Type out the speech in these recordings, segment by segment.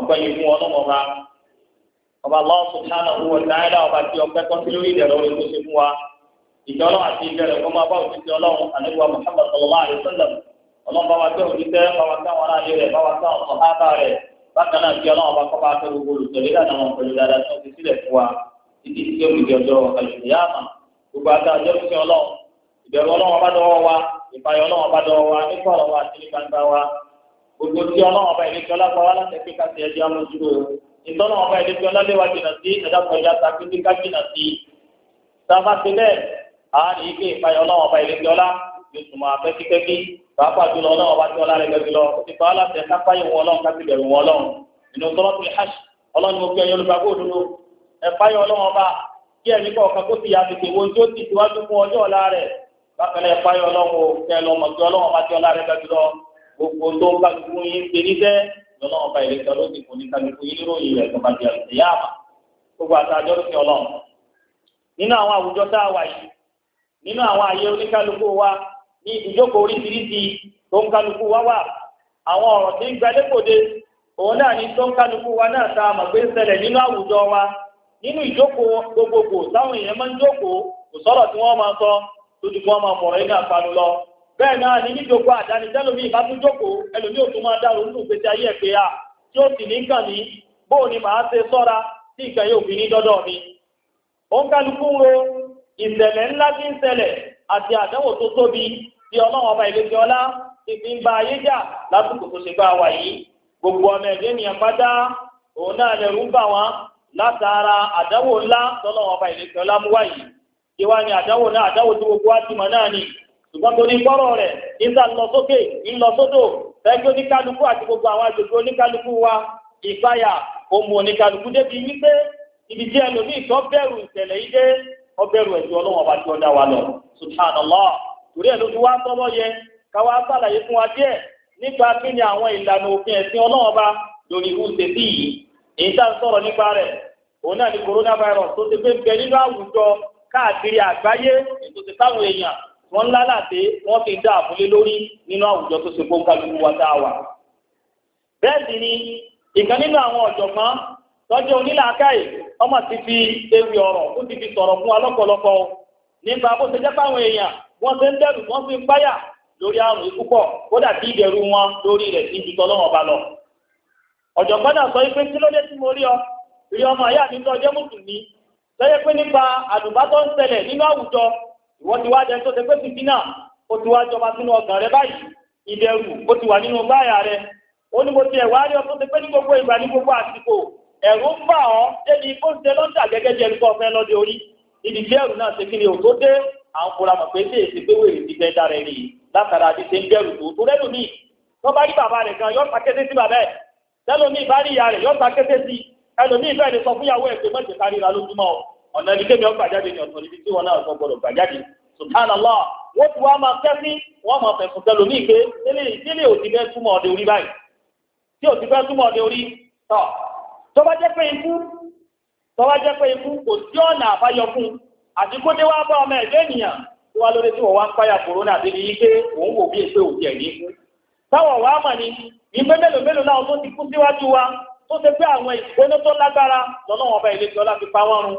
ọpẹ́ yìí fún ọlọ́mọ ọba ọba Allah subhanahu wa ta'ala ọba tí ọpẹ́ tó ti lórí ìdẹ̀rọ orí tó ṣe fún wa ìjọlọ àti ìbẹ̀rẹ̀ kọ́ máa bá òṣìṣẹ́ ọlọ́run àlẹ́wà Muhammad sallallahu alaihi wasallam ọlọ́run bá wa tẹ òṣìṣẹ́ bá wa táwọn aráàlú rẹ̀ bá wa táwọn ọ̀hábà rẹ̀ bákan náà kí ọlọ́run bá kọ́ bá tẹ gbogbo olùtẹ̀lé dáná wọn pẹ̀lú dáadáa tó ti sílẹ̀ fún wa títí tí ó fi ọjọ́ àlùfíàmà gbogbo tí ọlọ́wọ́n ọba ìlẹ́kẹ́ ọlápá wa láti ẹgbẹ́ káṣí ẹjẹ́ amójúrò ìtọ́nà ọba ìlẹ́kẹ́ ọlálẹ́wà jìnà sí ẹ̀dàpọ̀ ẹ̀yà tàbí ká jìnà sí. sábà sílẹ̀ àárín ike ìpayọ̀ ọlọ́wọ́n ọba ìlẹ́kẹ́ ọlá yóò túnmọ̀ abẹ́kíkẹ́kí pàápàá jùlọ ọlọ́wọ́n ọba tí ọlá rẹ̀ gẹ́gẹ́ lọ ti pa aláṣẹ kápáyé wọn ọlọ́run ká ti bẹ̀rù wọn ọlọ́run inú tọ́lọ́tù hash ọlọ́run mo fi ẹyin olùgbàgbọ́ òdodo ẹ̀páyọ̀ ọlọ́run ọba kí ẹ̀mí kọ̀ọ̀kan kó ti yà gbogbo tó ń kálukú yín ṣe níṣẹ́ lọ́nà ọba ìrẹsẹ̀ ló ti kò ní kálukú yín níròyìn rẹ̀ tọ́ba di àlùfẹ́ yá àmà gbogbo àtàjọ́ ló fi ọlọ́run nínú àwọn àwùjọ tá a wà yìí nínú àwọn àyè oníkálukú wa ní ìjókòó oríṣiríṣi tó ń kálukú wa wà àwọn ọ̀rọ̀ tí ń ni tó wa náà ta àmọ̀ pé ń ṣẹlẹ̀ nínú àwùjọ wa nínú ìjókòó gbogbogbò táwọn èèyàn bẹ́ẹ̀ náà ni níjókòó àdáni tẹ́lómi ìbá tún jókòó ẹlòmí ò tún máa dárò ayé ẹ̀ pé a tí ó sì ní kàn ní bóò ni màá se sọ́ra tí ìkà òfin ní dọ́dọ̀ mi. ó ń kálukú ro ìṣẹ̀lẹ̀ ńlá tí ń ṣẹlẹ̀ àti àdánwò ti fi ń ba ayé jà lásìkò tó ṣe bá yìí gbogbo ọmọ ènìyàn pátá òun náà lẹ́rù ń bà wọ́n látara àdánwò ńlá tọ́lọ́run ọba ọlá mú wáyìí ṣùgbọ́n torí gbọ́rọ̀ rẹ̀ nígbà lọ sókè ńlọ sódò fẹ́ẹ́ oníkálukú àti gbogbo àwọn àjòjì oníkálukú wa ìpayà òmù oníkálukú débi wípé ibi tí ẹlòmíì tó bẹ̀rù ìṣẹ̀lẹ̀ yìí dé ó bẹ̀rù ẹ̀sìn ọlọ́wọ́n bá tí ó dá wa lọ subhanallah torí ẹ̀ ló fi wá tọ́lọ́ yẹ káwá sàlàyé fún wa díẹ̀ nípa kí ni àwọn ìlànà òfin ẹ̀sìn ọlọ́wọ́n bá lórí ikú tètè yìí èyí tá a sọ̀rọ̀ nípa rẹ̀ òun náà ni coronavirus tó ti gbé bẹ nínú àwùjọ káàkiri àgbáyé ètò ti èèyàn wọ́n lálàdé wọ́n fi dá àbúlé lórí nínú àwùjọ tó ṣe fún kálukú wa tá a wà. bẹ́ẹ̀ sì ni ìkan nínú àwọn ọ̀jọ̀gbọ́n tọ́jú onílàákàyè ọmọ ti fi ewì ọ̀rọ̀ ó ti fi sọ̀rọ̀ fún wa lọ́pọ̀lọpọ̀ nípa bó ṣe jẹ́ fáwọn èèyàn wọ́n ṣe ń dẹ́rù wọ́n fi ń lórí àrùn ikú kódà kí wọn lórí ìwọ́n ti wá jẹ́ tó ṣe pé fìdí náà ó ti wá jọba sínú ọkàn rẹ báyìí ìbẹ̀rù ó ti wà nínú báyà rẹ o ní mo ti ẹ̀wà rí ọtún ṣe pé ní gbogbo ìgbà ní gbogbo àsìkò ẹ̀rù ń bà ọ́ débi kó ń ṣe lọ́jà gẹ́gẹ́ bí ẹni kọ́ fẹ́ lọ́dẹ orí níbi tí ẹ̀rù náà ṣe kí ni ò tó dé àwọn fúnra mọ̀ pé léèṣe pé wèrè ti fẹ́ dára ẹni látara àti ṣe ń bẹ̀rù tó tó lẹ́nu mi tó bá rí bàbá rẹ̀ gan yọ́ takété sí bàbá ẹ̀ tẹ́lómi ìbá ìyá rẹ̀ yọ́ takété sí ẹlòmí ìfẹ́ lè sọ fúnyàwó ẹ̀ pé mọ̀tẹ̀kárí ra lójúmọ́ ọ̀nà ibi tẹ́mi ọgbà jáde ni ọ̀tọ̀ níbi tí wọn náà gbọ́dọ̀ gbà jáde subhanallah wọ́n ti wá máa fẹ́ sí wọ́n máa fẹ̀sùn tẹ lómi ìgbé délé òsì fẹ́ túmọ̀ ọdẹ orí báyìí tí òsì fẹ́ túmọ̀ ọdẹ orí tọ̀ tó bá jẹ́ pé ikú tó bá jẹ́ pé ikú kò sí ọ̀nà àbáyọ fún àti kó dé wá bá ọmọ ẹ̀dẹ́ ènìyàn tó wá lórí tí wọ́n wá ń páyà kòrónà àti ike òun wò bí èso òbí ẹ̀ ní ikú táwọn wá mọ̀ ni ìgbé mélòó mélòó náà tó ti kú síwájú wa tó ṣe pé àwọn ìgbóná tó lágbára lọ́nà wọn bá ilé tí ọlá fi pa wọ́n run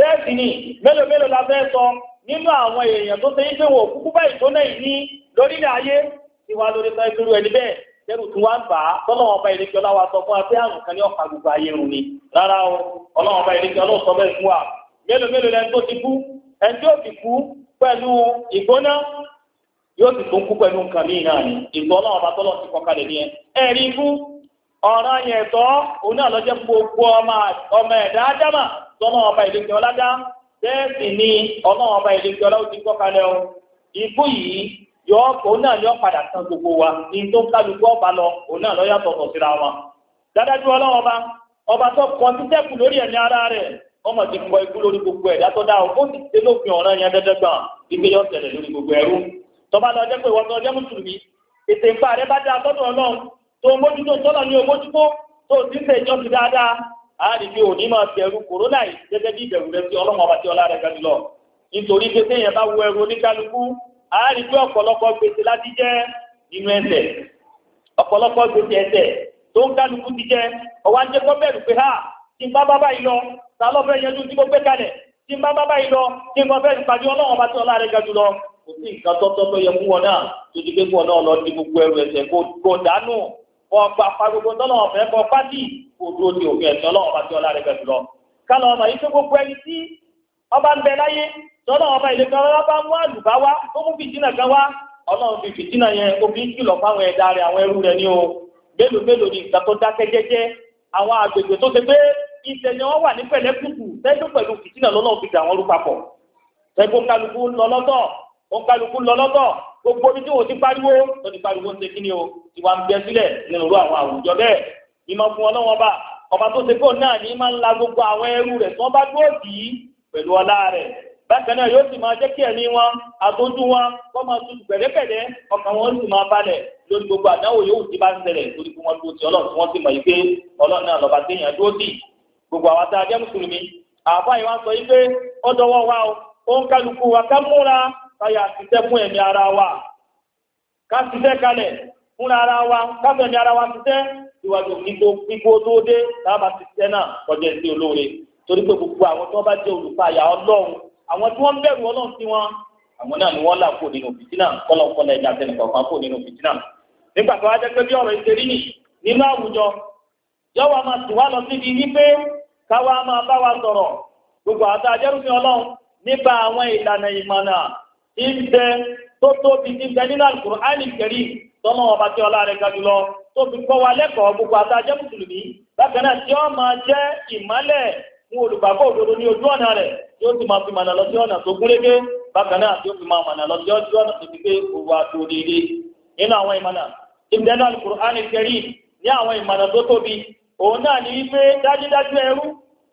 bẹ́ẹ̀ sì ni mélòó mélòó la fẹ́ sọ nínú àwọn èèyàn tó ṣe ń pé wọn òkúkú báyìí tó náà ní lórílẹ̀ ayé tí wàá lórí sọ ìgbèrú ẹni bẹ́ẹ̀ lẹ́rù tí wọ́n ń bà á tọ́lọ́wọ́n ọba ìrèké ọláwa sọ fún wa pé àrùn kan ní ọ̀pá gbogbo ayé rùn ni rárá o ọlọ́wọ́n ọba ìrèké ọlọ́wọ́ sọ bẹ́ẹ̀ fún wa mélòó mélòó lẹni tó ti kú ẹni tó ti kú pẹ̀lú ìgbóná yóò sì tún kú pẹ̀lú nǹkan míì náà ni ìgbọ́ ọlọ́wọ́n ọba tọ́lọ́ ti kọ kalẹ̀ ní ẹ ẹ̀rí ikú ọ̀ràn yẹn tọ́ òun náà lọ́jọ́ ọmọ ẹ̀dá ádámà tọmọ ọba ìlẹ́kẹ̀ ọládá bẹ́ẹ̀ ni ọmọ ọba ìlẹ́kẹ̀ ọlá ó gbọ́ kalẹ̀ o yìí yọ òun náà padà tán gbogbo wa ní tó kálukú ọba lọ òun náà lọ́yà tọ̀tọ̀ síra ọba tó kọ lórí ẹ̀mí ara rẹ̀ ọmọ ti kọ ikú lórí gbogbo ẹ̀dá tó mójútó tọ́lọ̀ ní omójútó tó ti ń tẹ̀jọ́ dáadáa a rí bí òní kòrónà yìí gẹ́gẹ́ bí rẹ ọlá a rí ọ̀pọ̀lọpọ̀ gbèsè láti jẹ́ nínú ẹsẹ̀ ọ̀pọ̀lọpọ̀ gbèsè ẹsẹ̀ tó ń kálukú ti jẹ́ jẹ́ kọ́ bẹ̀rù pé ha tí n bá bá báyìí lọ ta gbé tí n bá bá báyìí lọ tí fẹ́ ọgbà fagbogbo tọ́lọ̀ ọ̀fẹ́ kọ pátì òdu òdi òfin ẹ̀sìn ọlọ́run bá ọlá rẹ̀ gbẹ̀dùn lọ. kálọ̀ yìí tó gbogbo ẹni tí ọba ń bẹ láyé tọ́lọ̀ ọba ọlọ́run bá mú àlùbá wá tó mú kan wá ọlọ́run fi yẹn kìlọ̀ fáwọn ẹ̀dá rẹ̀ àwọn ẹrú rẹ̀ o mélòó mélòó ni ìgbà tó dákẹ́ jẹ́jẹ́ àwọn àgbègbè tó ṣe pé ìṣẹ̀ ni wọ́n gbogbo omi tí wọ́n ti pariwo tó ti pariwo ṣe kí ni o ti wá ń bẹ sílẹ̀ nínú irú àwọn àwùjọ bẹ́ẹ̀ ìmọ̀ fún ọlọ́wọ́n bá ọba tó ṣe fóònù náà ní máa ń la gbogbo àwọn ẹrú rẹ̀ tí wọ́n bá dúró dì í pẹ̀lú ọlá rẹ̀ bákan náà yóò sì máa jẹ́ kí ẹ̀mí wọn àtọ́jú wọn kọ́ máa tutù pẹ̀lẹ́pẹ̀lẹ́ ọkàn wọn sì máa balẹ̀ lórí gbogbo àdáwò yòówù tí bá ń ṣẹlẹ̀ lórí bí wọ́n dúró ti ọlọ́run tí wọ́n sì mọ̀ yìí pé ọlọ́run náà lọ́ba téèyàn dúró sí gbogbo àwọn tá jẹ́ mùsùlùmí àbá yìí sọ yìí pé ó dọwọ́ wa o ó ń káyà ṣiṣẹ́ fún ẹ̀mí ara wa ká kalẹ̀ fúnra ara wa káfẹ́ ẹ̀mí ara wa ṣiṣẹ́ ìwàjò kíkó tó dé tábà ṣiṣẹ́ náà torí pé gbogbo àwọn tí wọ́n bá jẹ́ olùpayà ọlọ́run àwọn tí wọ́n bẹ̀rù ọlọ́run sí wọn àwọn náà ni wọ́n là kó nínú fìtínà kọ́lọ́kọ́lọ́ tẹnu kọ̀ọ̀kan kó nínú fìtínà nígbà tó wá jẹ́ pé bí ọ̀rọ̀ ìṣerí nì nínú àwùjọ a máa tù wá lọ síbi tí tó tóbi tí ń bẹ nínú Al-Qur'ani Karim ọba tí ọlá rẹ̀ ga jùlọ tó fi kọ́ wa lẹ́kọ̀ọ́ gbogbo àtàjẹ́ mùsùlùmí bákan náà tí ó máa jẹ́ ìmọ́lẹ̀ fún olùgbàgbọ́ òdodo ní ojú ọ̀nà rẹ̀ tí ó sì máa fi mànà lọ sí ọ̀nà tó gúnrégé bákan náà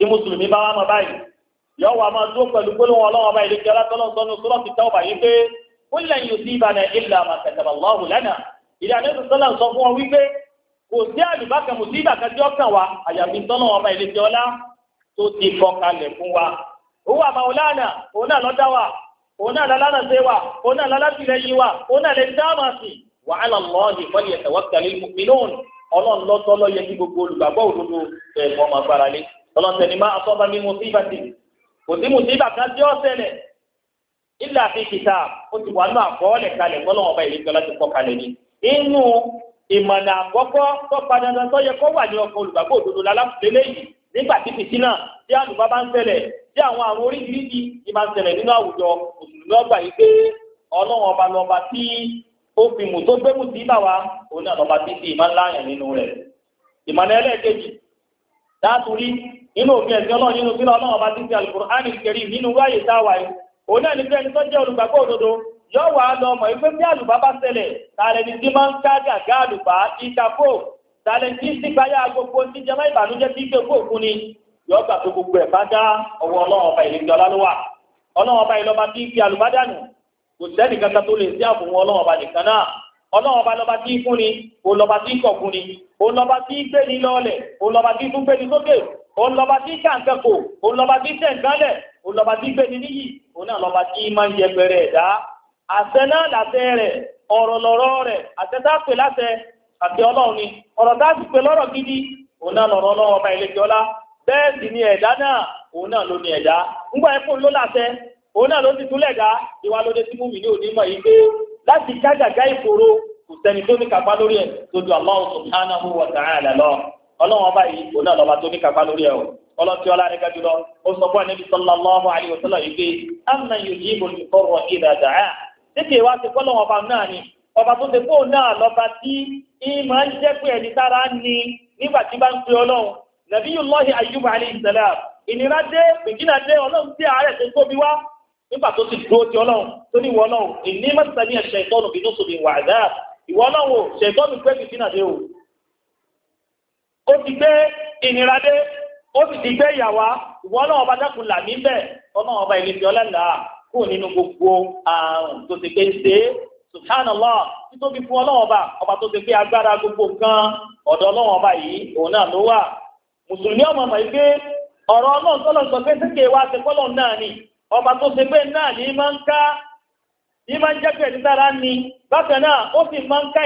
tí mùsùlùmí bá wà mọ báyìí yọ wà máa dúró pẹ̀lú gbólóhùn ọlọ́run ọba ìlẹ́kẹ́ látọ́lọ́sọ́nù sọ́lọ́ọ̀tì táwọn báyìí pé kullan yusibana illa ma kataballahu lana ìdánilẹ́sọ̀ sọ́lá sọ fún wọn wípé kò sí àlùbákan mùsíbà kan tí ó kàn wá àyàfi tọ́lọ́wọ́ ọba ìlẹ́jọ́ ọlá tó ti kọkalẹ̀ fún wa. owó àbáwọláàna òun náà lọ́dá wa òun náà lálánà ṣe wa òun náà lálátìlẹ́yìn wa òun náà lè dáàmà sí. wa ala Allahi falyatawakkalil mu'minun ọlọ́run lọ́tọ́ ló yẹ kí gbogbo olùgbàgbọ́ òdodo ẹ̀ máa gbára lé ọlọ́sẹ̀ ni máa sọ́ba mi mo síbà sí kò sí mùsíbà kan tí ó ṣẹlẹ̀ ilà fi kìtà ó ti wà nínú àkọọ́lẹ̀ kalẹ̀ gbọ́dọ̀ ọba ìlẹ́jọ́ láti kọ́ kalẹ̀ ni inú ìmọ̀nà àkọ́kọ́ tó padàdà tó yẹ kó wà ní ọkọ̀ olùgbàgbọ́ òdodo lálàfúlélẹ́ yìí nígbà tí fìtínà tí àlùbá bá ń ṣẹlẹ̀ tí àwọn àrùn oríṣiríṣi ti máa ń ṣẹlẹ̀ nínú àwùjọ òṣùlùmí ọgbà yìí pé ọlọ́run ọba lọ́ba tí ó fi mù tó gbé mù sí bá wa òun náà lọ́ba tí ti ìmọ̀ ńlá yẹn nínú rẹ̀ ìmọ̀nà ẹlẹ́ẹ̀kejì dáàtúrí nínú òfin ẹ̀sìn ọlọ́run nínú sílọ ọlọ́run bá ti fi al nínú wáyé táwa yìí òun ní pé ẹni tó jẹ́ olùgbàgbọ́ òdodo yóò wà á lọ ọmọ ìpé bí àlùbá bá ṣẹlẹ̀ tààlẹ́ni tí máa ń ká gàgá àlùbá gbogbo tí ìbànújẹ́ tí gbé gbogbo ẹ̀ bá dá ọwọ́ ọlọ́run ọba ọba ìlọba tí fi àlùbá dànù kò sẹ́ni kankan tó lè sí ọba nìkan òun lọba tí ká nǹkan kò òun lọba tí tẹ̀ nǹkan lẹ̀ lọba tí gbé ni níyì òun náà lọba tí máa ń yẹpẹrẹ ẹ̀dá àṣẹ náà làṣẹ rẹ̀ ọ̀rọ̀ lọ̀rọ̀ rẹ̀ àṣẹ tá pè láṣẹ àti ọlọ́run ni ọ̀rọ̀ tá sì pè lọ́rọ̀ gidi òun náà lọ̀rọ̀ ọba ìlẹ́jọ́ bẹ́ẹ̀ sì ni ẹ̀dá náà náà ló ni ẹ̀dá ló náà ló ti dá ìwà ní yìí pé láti kò sẹ́ni tó ní kápá lórí ẹ̀ tó ju lọ. ọlọ́run ọba yìí òun náà lọ́ba tó ní kápá lórí ẹ̀ o ọlọ́tí ọlá rẹ̀ kájú lọ ó sọ fún Ànábì sallallahu alaihi wasallam yìí pé àmà yóò yí ibò ní kọ́rọ̀ ìdá dàá tètè wá ti kọ́ lọ́wọ́ ọba náà ni ọba tó ti fóun náà lọ́ba tí ìmọ̀ ń jẹ́ pé ẹni tára ni nígbà tí bá ń pe ọlọ́run Nabiyullahi Ayyub alaihi salam ìnira ó ti gbé ìniradé ó sì ti gbé ìyàwá ìwọ náà ọba dákun là níbẹ̀ ọmọ ọba ìlẹsẹ ọlẹlà kú nínú gbogbo àrùn tó ti gbé ṣe subhanallah títóbi fún ọlọ́wọ́n ọba ọba tó ti agbára gbogbo kan ọ̀dọ̀ ọlọ́wọ́n ọba yìí òun náà ló wà mùsùlùmí ọmọ ọmọ yìí pé ọ̀rọ̀ ọlọ́run ni ọba tó ṣe ni bákan náà ó sì máa ń ká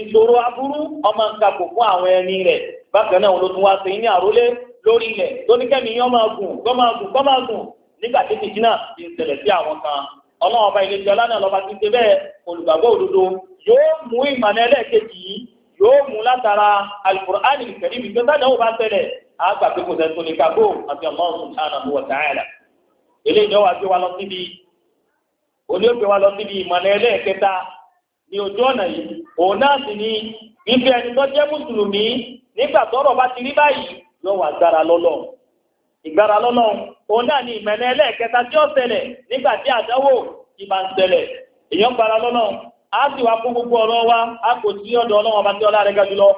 ìṣòro aburú ọmọ nǹkan kò fún àwọn ẹni rẹ bákan náà ló tún wá sí ní àrólé lórí ilẹ̀ lóníkẹ́mi yọ́n máa gùn kọ́ máa gùn kọ́ máa gùn nígbà tí náà ti sí àwọn kan ọba ilé ti ṣe bẹ́ẹ̀ olùgbàgbọ́ òdodo yóò mú ìmọ̀lẹ́ ẹlẹ́ẹ̀kejì yìí yóò mú látara ali ìfẹ̀lẹ́ mi gbẹ́sẹ̀ náà ó bá ṣẹlẹ̀ pé kò sẹ́tún ní kagbó àti ní ojú ọ̀nà yìí òun náà sì ni wípé ẹni tó jẹ́ mùsùlùmí nígbà tọ́rọ̀ bá ti rí báyìí lọ wà gbára lọ́lọ́ ìgbára lọ́lọ́ ni ìmẹ̀lẹ́ ẹlẹ́ẹ̀kẹta tí ó ṣẹlẹ̀ nígbà tí ti máa ń ṣẹlẹ̀ èèyàn gbára lọ́lọ́ a sì wá fún gbogbo ọ̀rọ̀ wa a kò sí ọ̀dọ̀ ọlọ́run ọba tí ọlá ga jùlọ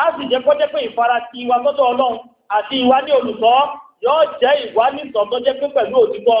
a sì jẹ́ pé ìfara ti wa ọlọ́run àti olùsọ yóò jẹ́ jẹ́ pé pẹ̀lú òtítọ́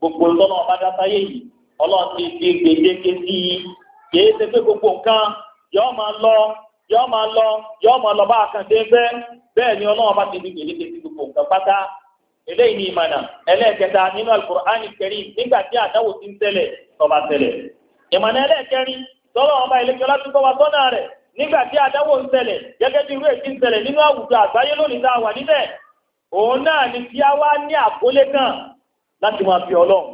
gbogbo ntọ́nà ọba dáta yé yìí ọlọ́run ti di gbèdéke sí i kìí ṣe pé gbogbo nǹkan yọ́ọ́ máa lọ máa lọ yọ́ọ́ máa lọ bá àkàndé fẹ́ bẹ́ẹ̀ ni ọba ti di gbèdéke sí gbogbo nǹkan pátá eléyìí ni ìmọ̀nà ẹlẹ́ẹ̀kẹta nínú kẹrin nígbà tí àdáwò ti ń tọba ìmọ̀nà ẹlẹ́ẹ̀kẹrin tọ́lọ́ ọba wa rẹ̀ nígbà tí àdáwò ń gẹ́gẹ́ bí ń nínú àwùjọ àgbáyé lónìí tá a wà níbẹ̀ òun kan láti máa fi ọlọ́run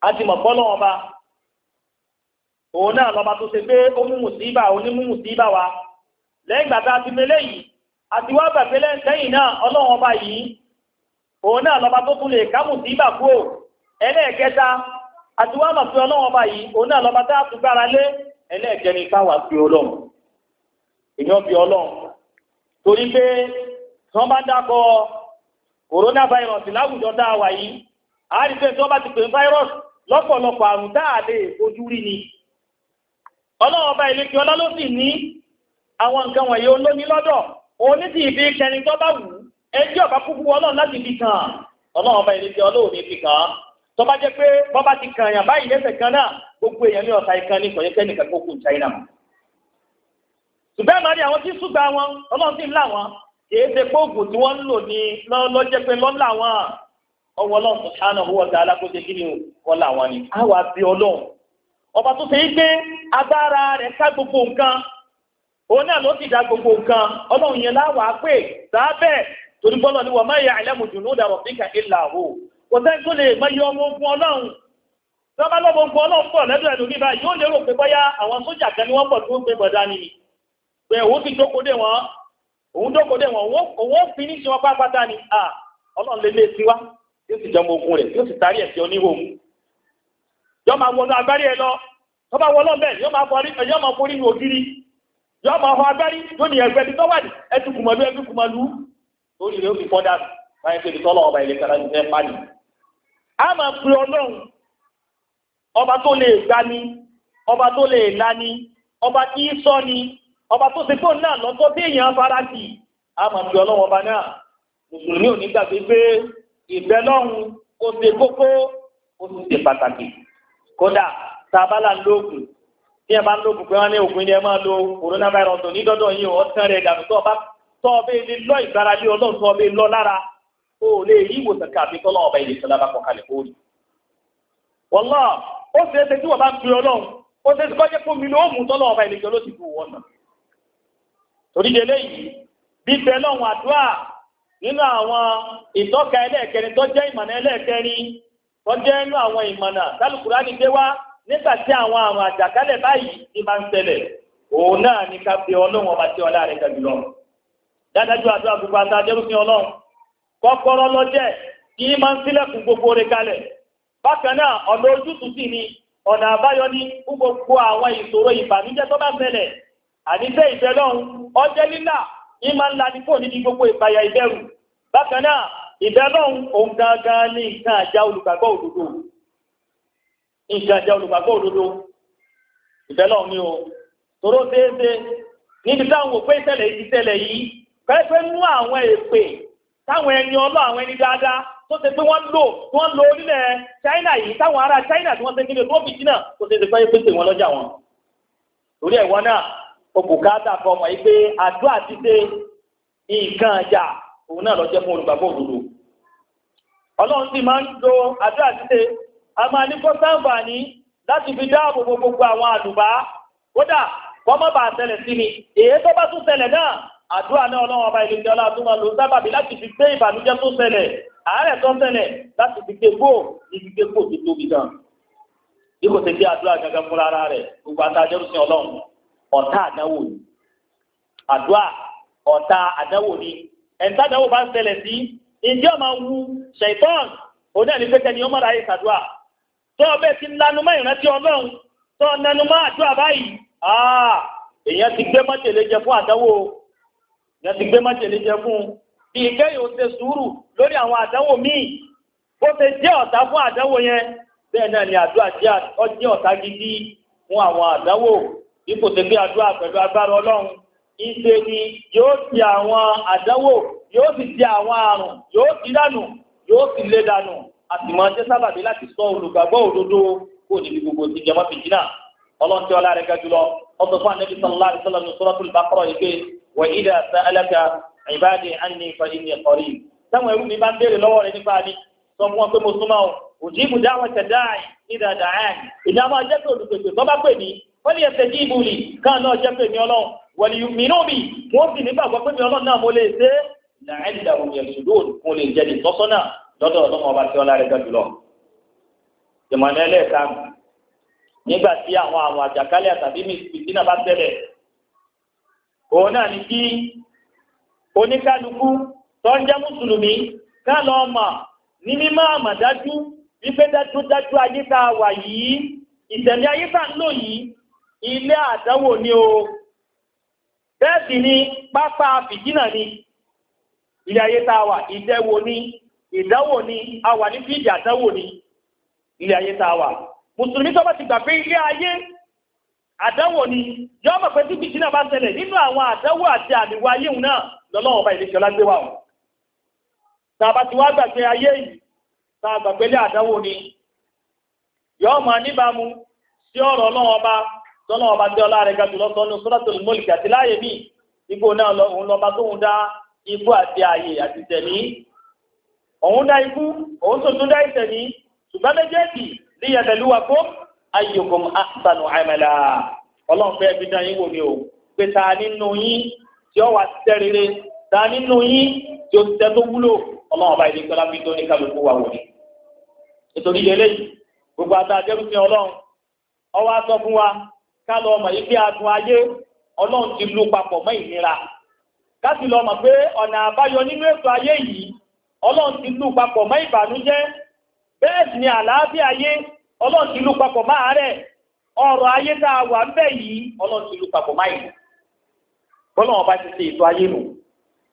a ti mọ̀ ọba òun náà lọ́ba tó ṣe pé ó mú mùsíbà onímú mùsíbà wa lẹ́yìn tá a ti mele yìí àti wá bàbá lẹ́yìn náà ọlọ́run ọba yìí òun náà lọ́ba tó tún lè kààmù kúrò ẹlẹ́ẹ̀kẹta àti wá mọ̀ sí ọlọ́run ọba yìí òun náà lọ́ba tá a lé corona virus láwùjọ tá a wà yìí a rí pé tí wọ́n bá ti pè ní virus lọ́pọ̀lọpọ̀ àrùn tá a lè fojú rí ni ọlọ́wọ́ bá ilé kí ọlá ló sì ní àwọn nǹkan wọ̀nyí olómi lọ́dọ̀ òní sì fi kẹrin tó bá wù ẹjọ́ bá kúkú ọlọ́run láti fi kàn ọlọ́wọ́ bá ilé kí ọlọ́run ní fi kàn tó bá jẹ́ pé bọ́ bá ti kàn yàn báyìí lẹ́sẹ̀ kan náà gbogbo èèyàn ní ọ̀sà ìkan ní kọ̀yẹ́kẹ́ nìkan tó kù China ṣùgbọ́n màrí àwọn tí ṣùgbà wọn ọlọ́run sì ń là wọn kìí ṣe kóògùn tí wọ́n ń lò ní lọ́jẹ́ pé lọ́la wọn ọwọ́ ọlọ́run subhanahu wa ta'ala kó ṣe kí ni wọ́n là wọn ni. a wà bí ọlọ́run ọba tó ṣe yí pé agbára rẹ̀ ká gbogbo nǹkan òun náà ló ti dá gbogbo nǹkan ọlọ́run yẹn láwàá pé sábẹ́ torí bọ́lọ̀ ni wa ma ya'lamu junuda rabbika illa hu kò sẹ́ni tó lè mọ iye ọmọ ogun ọlọ́run tí wọ́n bá lọ́mọ ogun ọlọ́run pọ̀ lẹ́dọ̀ ẹ̀lú níbà yóò lérò pé bọ́yá àwọn sójà kan ni wọ́n pọ̀ tó ń gbé bọ̀dá ni pé òun ti jókòó dé wọn òun dọ́kọ̀ dé wọn òwò fi ṣe wọn pápátá ni a ọlọ́run lè lé sí wá yóò sì jọmọ ogun rẹ̀ yóò sì tarí ẹ̀sìn oníwò yọ máa wọnú agbárí ẹ lọ tó bá wọlọ́ bẹ́ẹ̀ yọ máa yọ máa forí ní ògiri yọ máa họ agbárí yóò ní ẹgbẹ́ bí tọ́wà ní ẹtù kùmọ̀lú ẹtù kùmọ̀lú lórí ó fi pé tọ́lọ̀ ọba ilẹ̀ kára ní a máa ọlọ́run ọba tó ti pọ̀ náà lọ́tọ́ bí èèyàn fara kì á máa fi ọlọ́wọ́ ọba náà mùsùlùmí ò ní gbàgbé pé ìfẹ́ lọ́hùn kò ṣe kókó ó sì ṣe pàtàkì kódà tá ń lóògùn tí ẹ bá ń lóògùn pé wọ́n ní ògùn ni ẹ máa lo coronavirus ní dọ́dọ̀ yìí ọ̀sán rẹ̀ dàbí tó ọba tó ọbẹ̀ ilé lọ ìgbáralé ọlọ́run tó ọbẹ̀ lọ lára ó lè rí ìwòsàn káàbí tọ́lọ́ ọba ilé sọlá bá kọ kalẹ̀ kó rí. wọ́lá ó torídélé yìí bíbẹ lọ́wọ́n àdúrà nínú àwọn ìtọ́ka ẹlẹ́ẹ̀kẹrin tó jẹ́ ìmọ̀nà ẹlẹ́ẹ̀kẹrin tó jẹ́ inú àwọn ìmọ̀nà tálùkùrá ní gbé wá nígbà tí àwọn àrùn àjàkálẹ̀ báyìí ti máa ń ṣẹlẹ̀ òun náà ọba tí ọlá rẹ̀ lọ. àdúrà gbogbo ọlọ́run kọ́kọ́rọ́ kí í máa ń gbogbo kalẹ̀. bákan náà ọ̀nà ojútùú sì ni ọ̀nà àbáyọ ní gbogbo àwọn ìṣòro ìbànújẹ́ tó àníṣẹ́ ìfẹ́ lọ́hun ọjẹ́ lílà ní ma ń la ní fòní ní gbogbo ìpayà ìbẹ̀rù bákanáà ìbẹ̀rùn ìfẹ́ gangan ní nǹkan àjá olùgbàgbọ́ òdodo nǹkan o tòró déédéé níbi táwọn òpé yìí yìí mú àwọn èpè táwọn ẹni ọlọ́ àwọn ẹni dáadáa tó ṣe pé wọ́n lò lo orílẹ̀ China yìí táwọn ará China tí wọ́n ṣe tó fi jìnnà ṣe pé lọ́jà wọn òbùkátà fọmọ yìí pé àdúrà ti dé nǹkan ọjà òun náà lọ́jọ́ fún olùgbàgbọ́ òdodo ọlọ́run sì máa ń lo àdúrà ti dé a máa ní kó sáǹfà ní láti fi dáàbò bo gbogbo àwọn àdùbá kódà wọ́n má bàa ṣẹlẹ̀ sí mi èyí tó bá tún ṣẹlẹ̀ náà àdúrà náà ọlọ́run ọba ìlú ìjọba tó máa lo sábàbí láti fi gbé ìbànújẹ́ tó ṣẹlẹ̀ àárẹ̀ tó ṣẹlẹ̀ láti fi gbé gbó ní fi gbé gbó tó tóbi gan bí kò ṣe gbé àdúrà gangan fúnra rẹ̀ gbogbo àtàjẹ́rùsìn ọlọ́run ọ̀tá àdáwò ni àdúrà ọ̀tá àdáwò ni àdáwò bá ń sí ìjọ wu ṣẹ̀tọ́n ọmọ ráyè sàdúrà tó ọbẹ̀ ti lanu ìrántí ọlọ́run tó nanu mọ́ àdúrà báyìí èèyàn ti gbé mọ́tẹ̀lé jẹ fún àdáwò èèyàn ti gbé mọ́tẹ̀lé jẹ fún bí ṣe sùúrù lórí àwọn àdáwò míì bó ṣe jẹ́ ọ̀tá fún àdáwò yẹn bẹ́ẹ̀ náà ni jẹ́ ọ̀tá gidi fún àwọn àdáwò bí kò sí pé àdúrà pẹ̀lú agbára ọlọ́run ìṣe ni yóò ti àwọn àdánwò yóò sì ti àwọn àrùn yóò ti dànù yóò sì lé dànù àti máa jẹ́ sábàbí láti sọ olùgbàgbọ́ òdodo kó o níbi gbogbo ti jẹmọ́ fìdínà ọlọ́run tí ọlá rẹ̀ ga jùlọ ọ̀sọ̀ fún anabi sallallahu alaihi wasallam suratul baqara yìí pé wa idha sa'alaka ibadi anni fa inni qarib táwọn ẹrú mi bá ń béèrè lọ́wọ́ rẹ̀ nípa mi sọ fún wọn pé mo súnmọ́ òjì ibùdó àwọn tẹ̀dáì ìdàdà wọ́n yẹ tẹ̀jí ìbú ni káà náà jẹ́ pé mi ọlọ́run wọ̀lì mìíràn bí wọ́n sì nígbàgbọ́ pé mi ọlọ́run náà mo lè ṣe làálìlà òyìn ṣùgbọ́n òdìkún lè jẹ́ ìtọ́sọ́nà lọ́dọ̀ ọlọ́run ọba tí ọlá rẹ̀ gbà jùlọ. ìmọ̀nà ẹlẹ́ẹ̀kan nígbà tí àwọn àwọn àjàkálẹ̀ àtàbí mìsìtínà bá tẹ̀lẹ̀ òun náà ni kí oníkálukú tó ń jẹ́ mùsùlùmí ká lọ ilé àdánwò ni o bẹ́ẹ̀ sì ni pápá fìjínà ni ilé ayé tá a wà ìdẹ́wò ni ìdánwò ni a wà ní fíìdì àdánwò ni ilé ayé tá a wà mùsùlùmí tó bá ti gbà pé ilé ayé àdánwò ni yọ mọ̀ pé tí fìjínà bá ṣẹlẹ̀ nínú àwọn àdánwò àti àdìwò ayé òun náà lọ́lọ́wọ́ bá ìlẹ́kẹ̀ ọlá gbé wà wọn tàbá ti gbàgbé ayé yìí tàbá gbàgbé lé àdánwò ni yọ mọ̀ níbàámu sí ọ̀rọ̀ ọlọ́wọ́ bá tọ́nà ọba tí ọlá rẹ̀ gàdú lọ́sọ́ ní Suratul Mulk àti láàyè mí ipò náà òun lọ́ba tóun dá ikú àti ààyè àti tẹ̀mí òun dá ikú òun tó tún dá ìtẹ̀mí ṣùgbọ́n méjèèjì liyabluwakum ayyukum ahsanu amala ọlọ́run fẹ́ fi dán yín wò ni o pé ta nínú yín tí ó wà tẹ́ rere ta nínú yín tí ó tẹ́ tó wúlò ọlọ́run ọba ìdíkọ́ tó ní kálukú wà wò ni nítorí eléyìí gbogbo àtàjẹ́rù fi ka lọ mọ̀ yí pé adùn ayé ọlọ́run ti lu papọ̀ mọ́ ìnira lọ mọ̀ pé ọ̀nà àbáyọ nínú ètò ayé yìí ọlọ́run ti papọ̀ ni àlàáfíà ayé ọlọ́run ti papọ̀ ayé tá a wà ń yìí ọlọ́run ti papọ̀ mọ́ ìlú ti ṣe ètò ayé nù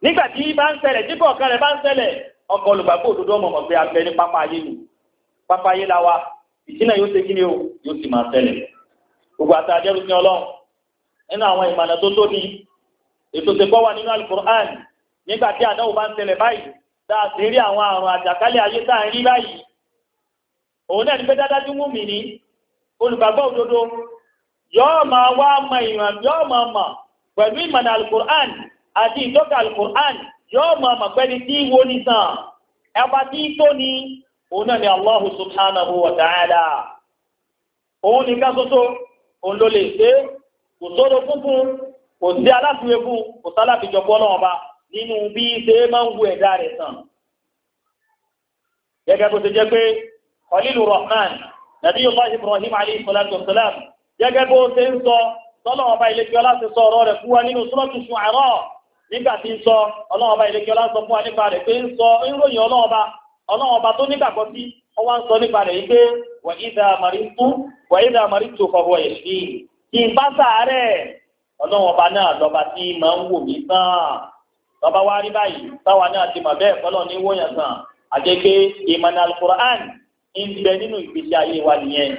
nígbà tí bá ń ṣẹlẹ̀ rẹ̀ bá ń ṣẹlẹ̀ ọkọ̀ olùgbàgbọ́ òdodo ọmọ o yóò máa ṣẹlẹ̀ gbogbo àti àjẹrù ní ọlọ́run nínú àwọn ìmọ̀nà tó tóbi ètò ìsèkọ́ wà nínú alukur'an nígbà tí àdáwò bá ń tẹlẹ̀ báyìí tá a sì rí àwọn àrùn àjàkálẹ̀ ayé tá à rí báyìí òun náà ní pé dájú mú mi ní olùgbàgbọ́ òdodo yóò máa wá mọ ìràn yóò máa mọ̀ pẹ̀lú ìmọ̀nà alukur'an àti ìtọ́ka alukur'an yóò máa mọ̀ pẹ́ni tí wo ní sàn ẹ̀fà tí tó ní òun náà ni Allahu subhanahu wa ta'ala òun nìkan ṣoṣo òun ló lè ṣe kò sóró fúnfún kò sí aláfiwé fún kò sálàfijọpọ̀ ọlọ́run ọba nínú bí ṣe máa ń wo ẹ̀dá rẹ̀ sàn. gẹ́gẹ́ bó ṣe jẹ́ pé Khalilu Rahman Nabiyullah Ibrahim alayhi salatu salam gẹ́gẹ́ bó ṣe ń sọ tọ́lọ́run ọba ìlẹ́kẹ́ ọlá ṣe sọ ọ̀rọ̀ rẹ̀ fún wa nínú Suratu Shu'ara nígbà tí ń sọ ọlọ́run ọba ìlẹ́kẹ́ sọ fún wa nípa rẹ̀ pé ń sọ ń ròyìn ọlọ́run ọlọ́run ọba tó nígbàgbọ́ sí ọwá ń sọ nípa rẹ̀ wípé wà ìdá àmàrìtú wà ìdá àmàrìtú fọwọ́ ẹ̀ sí kí n bá sàárẹ̀ ọlọ́run ọba náà lọ́ba tí máa ń wò mí tán lọ́ba wá rí báyìí táwa náà ti mà bẹ́ẹ̀ fọlọ́ ní wòyàn tán àjẹkẹ́ ìmọ̀nà alukur'an ń bẹ nínú ìgbésí ayé wa nìyẹn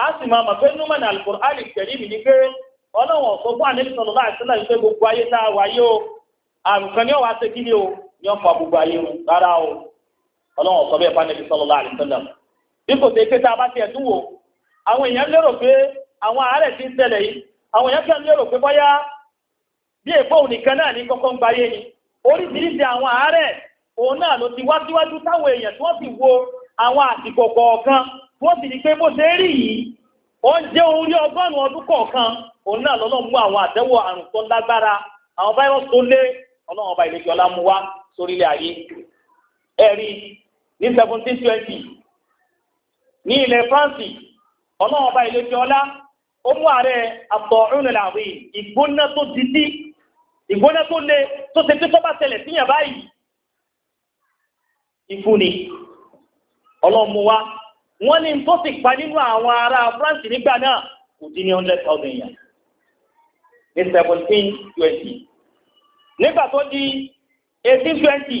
a sì máa mọ̀ pé númọ̀nà ọlọ́run sọ bẹ́ẹ̀ fánẹ́bí sallallahu alaihi wasallam bí kò tẹ́ pé tá a bá tiẹ̀ tún wò àwọn èèyàn lérò pé àwọn àárẹ̀ ti ń ṣẹlẹ̀ yìí àwọn èèyàn lérò pé náà ni oríṣiríṣi àwọn àárẹ̀ òun náà ló ti wá síwájú táwọn èèyàn tí wọ́n sì wo wọ́n sì ní pé bó ṣe rí yìí ó ń jẹ́ ọgọ́rùn ní seventeen twenty ní ilẹ̀ France ọlọ́run ọba ilé fi ọlá ó mú ààrẹ àtọ̀rún làwìn ìgbóná tó dídí ìgbóná tó le tó ṣe pé tó bá ṣẹlẹ̀ síyàn báyìí ikú ni ọlọ́run mú wá wọ́n ní tó sì pa nínú àwọn ará France nígbà náà kò dín ní hundred thousand yẹn ní seventeen twenty nígbà tó di eighteen twenty.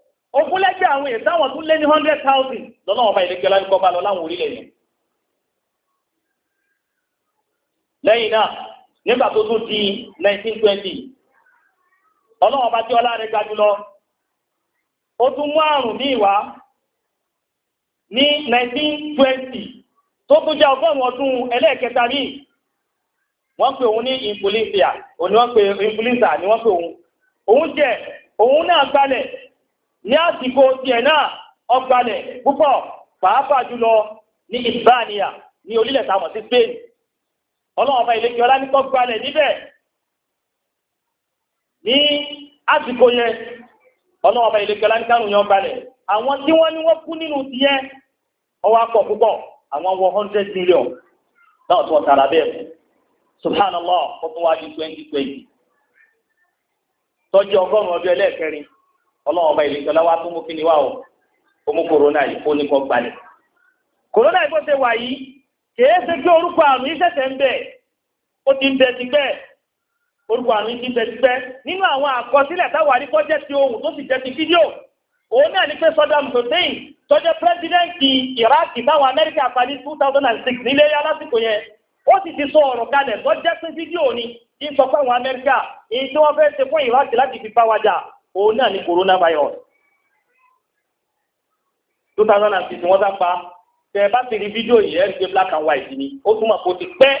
ogúnlẹ́gbẹ̀ àwọn èèyàn táwọn tún lé ní hundred thousand lọ́nà ọba ìlẹ́gbẹ̀ láńkọ́ bá lọ láwọn orílẹ̀ yẹn. lẹ́yìn náà nígbà tó tún di nineteen twenty ọba tí ọlá rẹ̀ ga jùlọ ó tún mú àrùn ní ìwá ní nineteen twenty tó tún jẹ́ ọgọ́rùn-ún ọdún ní wọ́n ní influenza òun ni wọ́n náà gbalẹ̀ ní ti tiẹ̀ náà ọgbàlẹ̀ púpọ̀ pàápàá jùlọ ní Hispania ní orílẹ̀ sí Spain ọlọ́wọ́n ọba ìlẹ́kẹ̀ ní níbẹ̀ ní àsìkò yẹn ní àwọn ti yẹn ọwọ́ akọ̀ púpọ̀ àwọn wọ hundred million náà subhanallah twenty twenty tọ́jú ọlọ́run ọba ìlẹ́jọ́ láwá tó mú kí ni wá o ó mú kòrónà yìí ó ní kọ́ gbalẹ̀. kòrónà yìí bó ṣe wà yìí kìí ṣe kí orúkọ àrùn yìí ṣẹ̀ṣẹ̀ ń bẹ ó ti ń bẹ ti bẹ́ẹ̀ orúkọ àrùn yìí ti ń bẹ ti bẹ́ẹ̀ nínú àwọn àkọsílẹ̀ táwa ní jẹ́ ti ohun tó sì jẹ́ ti fídíò òun náà ní pé Saddam Hussein tó pírẹ́sidẹ́ǹtì Iraq táwọn Amẹ́ríkà pa two thousand and six nílé yá lásìkò yẹn ó sì ti sọ ọ̀rọ̀ kalẹ̀ tó jẹ́ pé fídíò ni kí n sọ pé àwọn Amẹ́ríkà èyí tí wọ́n fẹ́ ṣe fún Iraq láti fi bá wa òun náà ni coronavirus two thousand and six wọ́n sá pa tẹ bá ti rí fídíò yìí ẹ rí pé black and white ni ó túmọ̀ kó ti pẹ́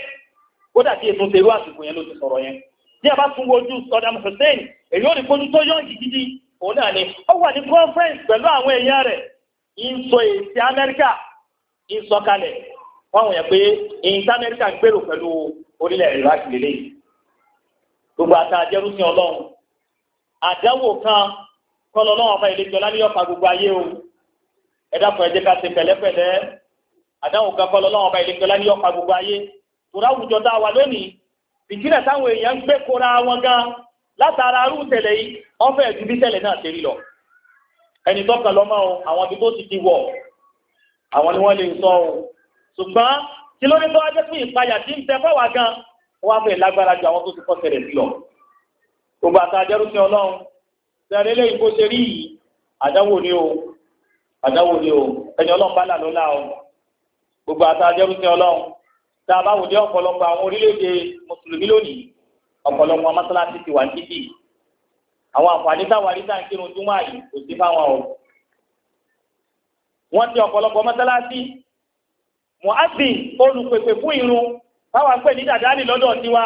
kódà tí ètò ìṣerú àsìkò yẹn ló ti sọ̀rọ̀ yẹn bí a bá tún wojú Saddam Hussein èyí ò ní fojú tó yọ̀ gidigidi O náà ni ó wà ní conference pẹ̀lú àwọn èèyàn rẹ̀ ìsọ èsì Amẹ́ríkà ìsọ kalẹ̀ fáwọn yẹn pé èyí tí Amẹ́ríkà ń gbèrò pẹ̀lú orílẹ̀ Iraq lélẹ̀ gbogbo àtàjẹrúsìn Ọlọ́run àdáwò kan kọlọ lọ́wọ́ ọba ìlejò lálẹ́yọ̀ fa gbogbo ayé o ẹ̀dá kan ẹ̀jẹ̀ ká ṣe pẹ̀lẹ́pẹ̀lẹ́ àdáwò kan kọlọ lọ́wọ́ ọba ìlejò lálẹ́yọ̀ fa gbogbo ayé tòrá àwùjọ tá a wà lónìí fìtínà táwọn èèyàn ń gbé kóra wọn gan látara arú tẹ̀lẹ̀ yìí wọ́n fẹ́ẹ̀ bí tẹ̀lẹ̀ náà ṣe lọ ẹni tó lọ́mọ o àwọn ibi tó ti ti wọ̀ àwọn ni wọ́n lè sọ o ṣùgbọ́n kí ló ní tó wá jẹ́ fún ìpayà tí ń tẹ fáwa gan wọ́n á fẹ́ lágbára ju àwọn tó ti kọ́ tẹ̀lẹ̀ sí lọ gbogbo àtàjẹrúsìn ọlọ́run sẹrẹ lẹ́yìn bó ṣe rí yìí àdáwò ni o àdáwò ni o ẹni ọlọ́run bá là ló là o gbogbo àtàjẹrúsìn ọlọ́run tá a bá wò ní ọ̀pọ̀lọpọ̀ àwọn orílẹ̀-èdè mùsùlùmí lónìí ọ̀pọ̀lọpọ̀ mọ́sálásí ti wà títì àwọn àǹfààní táwọn àríṣà ń kírun júmọ́ àyè kò sí fáwọn o wọ́n ti ọ̀pọ̀lọpọ̀ mọ́sálásí mọ̀ásì olùpèpè fún irun táwọn pè ní dàdánì lọ́dọ̀ tiwa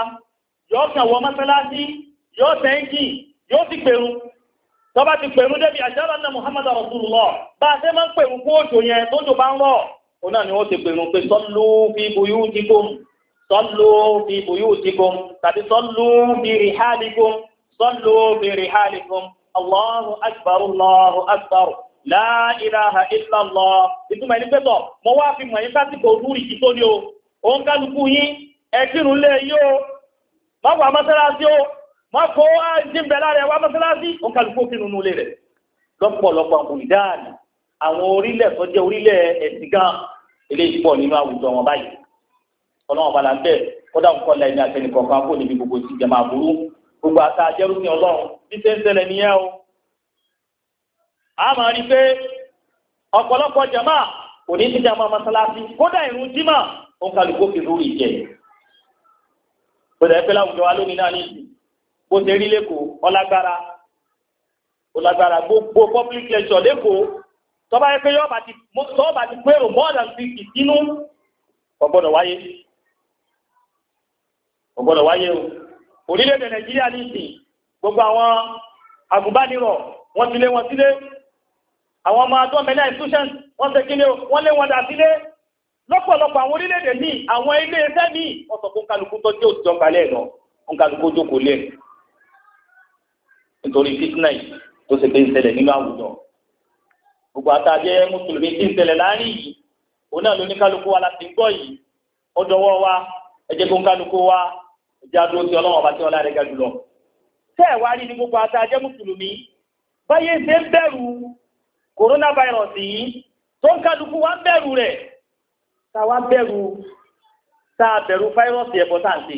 yọ̀ọ́ wọ mọ́sálásí yóò tẹ́ǹkì yóò ti pẹ̀rù tọ́bá ti pẹ̀rù débi àṣẹ́rọ̀ náà Muhammadu Rasulullah bá a ṣe máa ń pẹ̀rù kó òjò yẹn tó jò bá ń rọ̀ náà ni ó ti pẹ̀rù pé sallu fi buyutikum sallu fi buyutikum tàbí sallu fi fi Allahu akbar Allahu akbar la ilaha ìtumọ̀ ẹni pẹ́tọ̀ mo wá fi mọ̀ o òun kálukú yín lé wọ́n kó wá jíǹbẹ̀ lára ẹwà mọ́sálásí o kálukú kí nínú ilé rẹ̀ lọ́pọ̀lọpọ̀ bùdáàdì àwọn orílẹ̀ tó jẹ́ orílẹ̀ ẹ̀sìn gan eléyìí pọ̀ nínú àwùjọ wọn báyìí ọlọ́run bala ń bẹ̀ ó dáhùn kọ́ lẹ́yìn àtẹnì kọ̀ọ̀kan kó níbi gbogbo ti jẹ́ máa burú gbogbo àti ajẹ́rú ní ọlọ́run bí ṣe ń ṣẹlẹ̀ nìyẹn o. a máa rí pé ọ̀pọ̀lọpọ̀ jàmá kò ní ti jàmá mọ́sálásí kódà ìrun jímà ó ń kálukú kí lórí ìjẹ́ kódà ẹ bó ṣe rí lẹ́kọ̀ọ́ ọlágbára ọlágbára gbogbo public lecture lẹ́kọ̀ọ́ tọ́ba yẹ pé yọ́ọ̀bà ti tọ́ọ̀bà ti pérò more than fifty sínú ọgbọ́dọ̀ wáyé ọgbọ́dọ̀ wáyé o orílẹ̀-èdè nàìjíríà ní ìsìn gbogbo àwọn agùnbánirọ̀ wọ́n ti lé wọn sílé àwọn ọmọ adọ́mẹ́lẹ́ institutions wọ́n ṣe kílé wọ́n lé wọn dà sílé lọ́pọ̀lọpọ̀ àwọn orílẹ̀-èdè míì àwọn ilé iṣẹ́ míì wọ́n sọ fún kálukú tó jẹ́ òtítọ́ kalẹ̀ lọ fún kálukú jókòó lẹ́ẹ̀ nítorí fitna yìí tó ṣe pé ń ṣẹlẹ̀ nínú àwùjọ gbogbo àtàjẹ́ mùsùlùmí tí ń ṣẹlẹ̀ láàrin yìí òun náà ló kálukú wa láti gbọ́ yìí ó dọwọ́ wa ẹ jẹ́ kó ń kálukú wa ìjà dúró sí ọlọ́wọ́n ọba tí ọlá rẹ̀ ga jùlọ. tẹ́ ẹ̀ wá rí ní gbogbo àtàjẹ́ mùsùlùmí báyé ṣe ń bẹ̀rù coronavirus yìí tó ń kálukú wa ń bẹ̀rù rẹ̀ tá a wá bẹ̀rù tá bẹ̀rù fáírọ́ọ̀sì ẹ̀bọ̀ tá à ń ṣe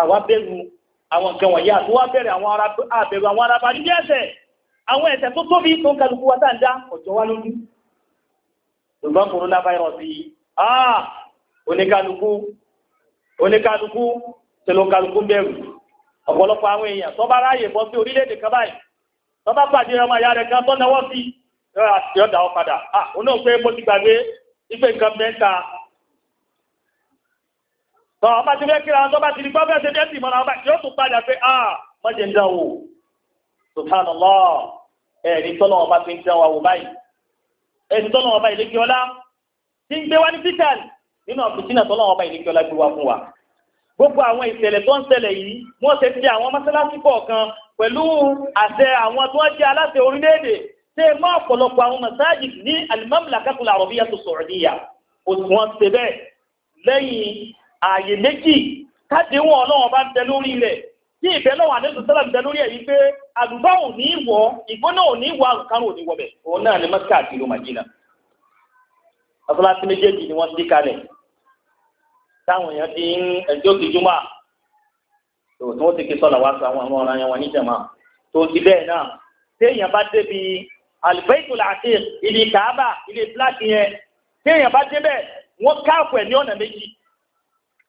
àwa bẹ̀rù àwọn nǹkan wọ̀nyí àti wá bẹ̀rẹ̀ àwọn àbẹ̀rù àwọn araba ní ẹ̀ṣẹ̀ àwọn ẹ̀ṣẹ̀ tó tóbi tó ń kálukú wa dáadáa ọ̀jọ́ wá lójú ṣùgbọ́n corona virus yìí ah oníkálukú oníkálukú tí ló ń kálukú bẹ̀rù ọ̀pọ̀lọpọ̀ àwọn èèyàn tó bá ráyè bọ́ sí orílẹ̀-èdè ah, ipe nǹkan tọ́ ọba ti fẹ́ kíra ọba ti rí pọ́ fẹ́ ṣe jẹ́ sí ìmọ̀ra ọba yóò tún padà pé à ah, mọ́jẹ̀ ń dánwò subhanallah ẹ̀rí tọ́lọ́ ọba ti ń dánwò àwò báyìí ẹ̀rí tọ́lọ́ ọba ìlékè ọlá ti ń gbé wá ní títàlì nínú ọ̀pìtínà tọ́lọ́ ọba ìlékè ọlá gbé wá fún wa gbogbo àwọn ìṣẹ̀lẹ̀ tó ń ṣẹlẹ̀ yìí wọ́n ṣe ti àwọn mọ́sálásí kọ̀ọ̀kan pẹ̀lú àṣẹ àwọn tó ń jẹ́ aláṣẹ orílẹ̀-èdè ààyè méjì kádéwọ̀n ọlọ́run bá ń tẹ lórí rẹ̀ tí ìfẹ́ náà wà nínú sọ́lá ń tẹ lórí ẹ̀ wípé àdúgbò ò ní wọ̀ ìgbóná ò ní wọ̀ àrùkárò ní wọ̀bẹ̀ òun náà ni mọ́síkà àti ìlú màjínà mọ́sálásí méjèèjì ni wọ́n ti kalẹ̀ táwọn èèyàn ti ń ẹjọ́ kejúmọ́ tó tí wọ́n ti ké sọ́lá wá sọ àwọn ọ̀ràn yẹn wọn níjàmá tó ti bẹ́ẹ̀ náà téèyàn bá débi alibaitul atiq ilé kaaba ilé fúláàkì yẹn téèyàn bá débẹ̀ wọ́n káàpù ẹ̀ ní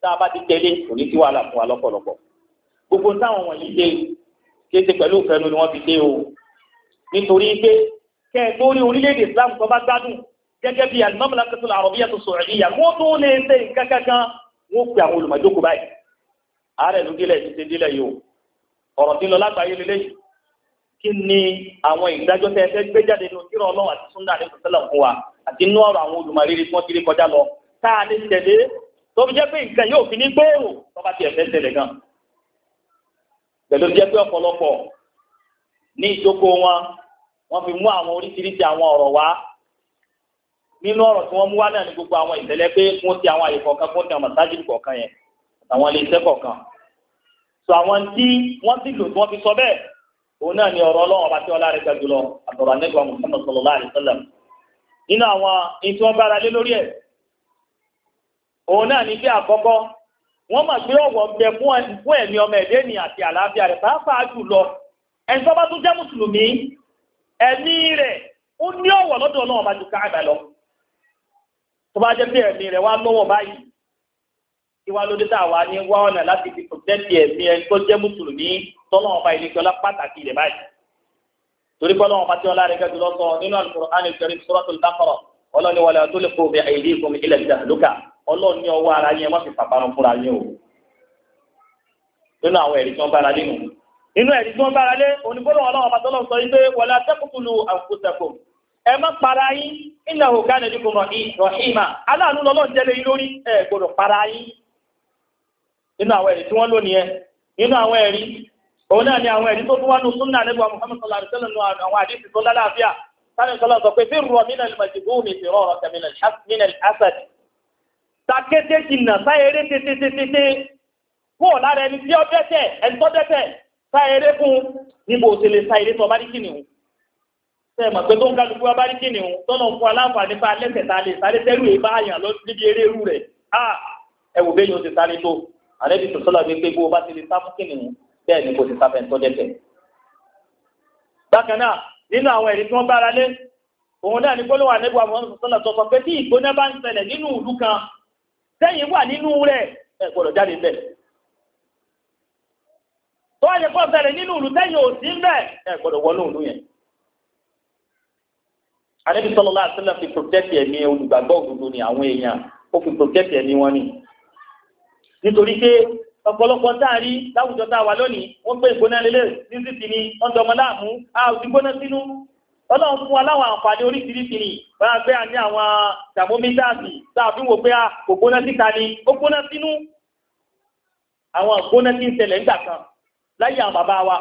tá a bá ti tẹ̀lé kò ní sí wàhálà fún wa lọ́pọ̀lọpọ̀ gbogbo táwọn wọ̀nyí dé kéde pẹ̀lú ìfẹ́nu ni wọ́n fi dé o nítorí pé kẹ́ ẹ̀ lórí orílẹ̀-èdè Islam tó bá gbádùn gẹ́gẹ́ bí al-Mamlakatul Arabiyyah as-Saudiyyah wọ́n tó lè ṣe nǹkan kankan wọ́n pe àwọn olùmọ̀jókòó báyìí ààrẹ ló délẹ̀ ti ṣe délẹ̀ yìí o ọ̀rọ̀ tí ń lọ lágbàáyé lélẹ́yìí kí ni àwọn ìdájọ́ tẹ́ ẹ fẹ́ gbé jáde ní òkìrọ̀ ọlọ́run àti súnà ní sọ́sẹ́lẹ̀ fún wa àti inú ọ̀rọ̀ àwọn olùmọ̀rírí tí wọ́n ti rí kọjá lọ tá a lè tẹ̀lé tó fi jẹ́ pé nǹkan yóò fi ní gbòòrò tó bá ti ẹ̀fẹ́ ṣẹlẹ̀ gan. pẹ̀lú jẹ́ pé ọ̀pọ̀lọpọ̀ ní ìjókòó wọn wọ́n fi mú àwọn oríṣiríṣi àwọn ọ̀rọ̀ wá nínú ọ̀rọ̀ tí wọ́n mú wá náà ní gbogbo àwọn ìṣẹ̀lẹ̀ pé wọ́n ti àwọn àyè kọ̀ọ̀kan fún ti àwọn màsáàjì kọ̀ọ̀kan yẹn àwọn iléeṣẹ́ kọ̀ọ̀kan sọ àwọn tí wọ́n ti lò tí wọ́n fi sọ bẹ́ẹ̀ òun náà ni ọ̀rọ̀ ọlọ́run ọba tí ọlá rẹ̀ gbẹ̀gbẹ̀ lọ àtọ̀rọ̀ anẹ́gbà Muhammad sallallahu alaihi wasallam nínú àwọn ètò ọba ara lé lórí ẹ̀ òun náà ní bí àkọ́kọ́ wọ́n mọ̀ pé ọ̀wọ̀ ń bẹ fún ẹ̀mí ọmọ ẹ̀dẹ́ ènìyàn àti àlàáfíà rẹ̀ pàápàá jùlọ ẹni tó bá tún jẹ́ mùsùlùmí ẹ̀mí rẹ̀ ó ní ọ̀wọ̀ lọ́dọ̀ ọlọ́wọ́ bá ju káàbà lọ tó bá jẹ́ pé ẹ̀mí rẹ̀ wá lọ́wọ́ báyìí kí wá lóde táwa ní wá ọ̀nà láti fi pòtẹ́ǹtì ẹ̀mí ẹni tó jẹ́ mùsùlùmí tọ́lọ́wọ́ bá ilé kíọ́lá pàtàkì rẹ̀ báyìí torí pé bá tí ọlá rẹ̀ gẹ́gẹ́ lọ́sọ nínú Al-Qur'an Al-Karim Suratul ọlọ́ni wàlẹ́ tó lè bí àìdí ìkọ́mi ilẹ̀ ìdàlúkà ọlọ́ni ọwọ́ ara yẹn wọ́n fi fúnra o nínú àwọn ẹ̀rí tí wọ́n bára lé nù nínú ẹ̀rí tí wọ́n bára lé onígbọ́dọ̀ ọlọ́run ọba tọ́lọ́ sọ wàlẹ́ ẹ má para yín iná aláàánú yín lórí gbọ́dọ̀ para yín àwọn ẹ̀rí tí wọ́n lónìí ẹ Muhammad sani sọlá sọ pé fíìrù rọ mínà màjìbú mi fi rọrọ kẹmínà mínà asad takété jìnnà sáyẹrẹ tètètètè kúrò lára ẹni tí ó dẹ́tẹ̀ ẹni tó dẹ́tẹ̀ sáyẹrẹ fún níbo òsèlè sáyẹrẹ tó bá rí kìnìún tẹ ẹ mọ̀ pé tó ń kálukú wa bá rí kìnìún tọ́nà fún aláǹfààní bá lẹ́sẹ̀ tá lè sáré tẹ́rù yìí bá yàn lọ eré irú rẹ̀ a ẹ wò bẹ́yìn ti sáré tó àrẹ́bí sọ̀sọ́lá gbé pé bó o bá ti lè sá fún kìnìún bẹ́ẹ̀ ni kò ti sá fẹ́ nínú àwọn ẹ̀rí tí wọ́n bára lé òun náà ní gbólówà nígbà àwọn sọ́nà tó sọ pé tí ìgbóná bá ń kan sẹ́yìn wà nínú rẹ̀ ẹ jáde bẹ̀ tó wáyé pọ̀ ṣẹlẹ̀ nínú ìlú sẹ́yìn ò ń bẹ̀ ẹ wọnú ìlú ni o fi ni nitori ke. ọ̀pọ̀lọpọ̀ táàrí láwùjọ tá a wà lónìí wọ́n gbé ìgbóná lélẹ̀ títí tì ní ọ̀dọ̀mọ láàmú a ò ti gbóná sínú ọlọ́run fún wa láwọn àǹfààní oríṣiríṣi ni bára pé a ní àwọn thermometers tá a fi wò pé a kò gbóná síta ni ó gbóná sínú àwọn gbóná tí ń ṣẹlẹ̀ nígbà kan láyé àwọn bàbá wa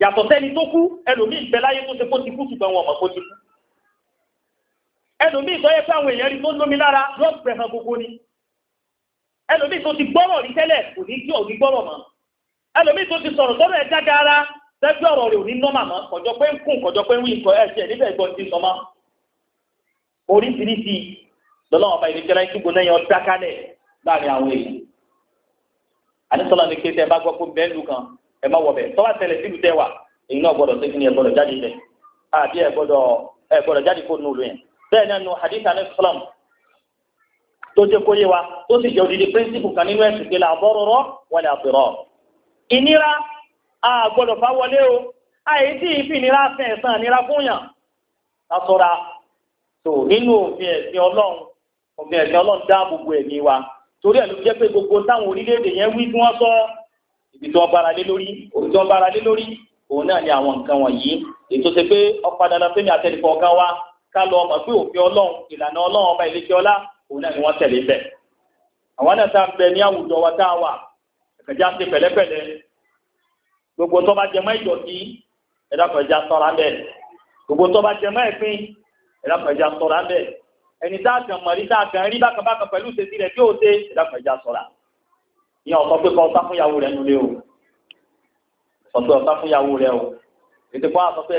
yàtọ̀ sẹ́ni tó kú ẹlòmíì ń bẹ láyé tó ṣe kó ti kú ṣùgbọ́n wọn mọ̀ kó ti kú ẹlòmíì tó yẹ pé àwọn èèyàn rí tó lómi lára yóò gbẹ̀hàn gbogbo ni ẹlòmí tó ti gbọ́rọ̀ rí tẹ́lẹ̀ kò ní jọ òní gbọ́rọ̀ mọ́ ẹlòmí tó ti sọ̀rọ̀ sọ́rọ̀ ẹ̀ jáde ara tẹ́jú ọ̀rọ̀ rẹ̀ òní nọ́mà mọ́ kọjọ pé ń kún kọjọ pé ń wí nǹkan ẹ̀ tiẹ̀ níbẹ̀ gbọ́n ti sọmọ́ oríṣiríṣi lọ́lọ́wọ́ ọba ìdíjẹ́ láì túbọ̀ lẹ́yìn ọdá kálẹ̀ láàrin àwọn èèyàn àdìsọ́lá ni kéde ẹ bá gbọ́ pé bẹ́ẹ̀ lù kan ẹ má wọ bẹ́ẹ̀ tọ́wọ́ tẹ̀lé sílùú tẹ́ wà èyí náà gbọ́dọ̀ sí kíni ẹ gbọ́dọ̀ jáde bẹ́ẹ̀ àbí ẹ gbọ́dọ̀ ẹ gbọ́dọ̀ jáde kó nù lóyún bẹ́ẹ̀ náà nù hadith anabi sallam tó jẹ́ kó yé wa tó sì jẹ́ òdìdí píríncípù kan nínú ẹ̀sìn pé làbọ́rọ̀rọ̀ wọlé àbúrọ̀. ìnira a gbọ́dọ̀ fà wọlé o àyè tí ìfi ìnira fẹ́ ẹ̀sán ìnira fúnyàn lásọra tó nínú òfin ẹ̀sìn ọlọ́run òfin ẹ̀sìn ọlọ́run dá gbogbo ẹ̀mí wa torí ẹ̀ ló jẹ́ pé gbogbo táwọn orílẹ̀-èdè yẹn wí tí wọ́n sọ ibi tí wọ́n bára lé lórí òbí tí wọ́n bára lé lórí òun náà ni àwọn nǹkan wọ̀nyí ètò ṣe pé ọ̀padà lọ fẹ́mi àtẹnìkọ̀ọ̀kan wa ká lọ ọmọ pé òfin ọlọ́run ìlànà ọlọ́run ọba ìlẹ́kẹ́ ọlá òun náà ni wọ́n tẹ̀lé bẹ̀. àwọn náà tá a bẹ ní àwùjọ wa tá a wà ẹ̀kẹ́jà ṣe pẹ̀lẹ́pẹ̀lẹ́ gbogbo tó bá jẹmọ́ ìdọ̀tí ẹ̀dàkọ̀ẹ́jà ṣọ́ra bẹ̀ gbogbo tó bá jẹmọ́ ẹ̀pín ẹ̀dàkọ̀ẹ́jà ṣọ́ra bẹ̀ ẹni tá a kàn mọ̀rí tá a kàn rí bákàbákà pẹ̀lú ṣèṣì rẹ̀ tí ó ṣe ẹ̀dàkọ̀ẹ́jà ṣọ́ra ìyẹn ọ̀sọ́ pé kọ́ ọ̀sá fúnyàwó rẹ̀ nulẹ̀ o ọ̀sọ́ o ètò fún àsọ pé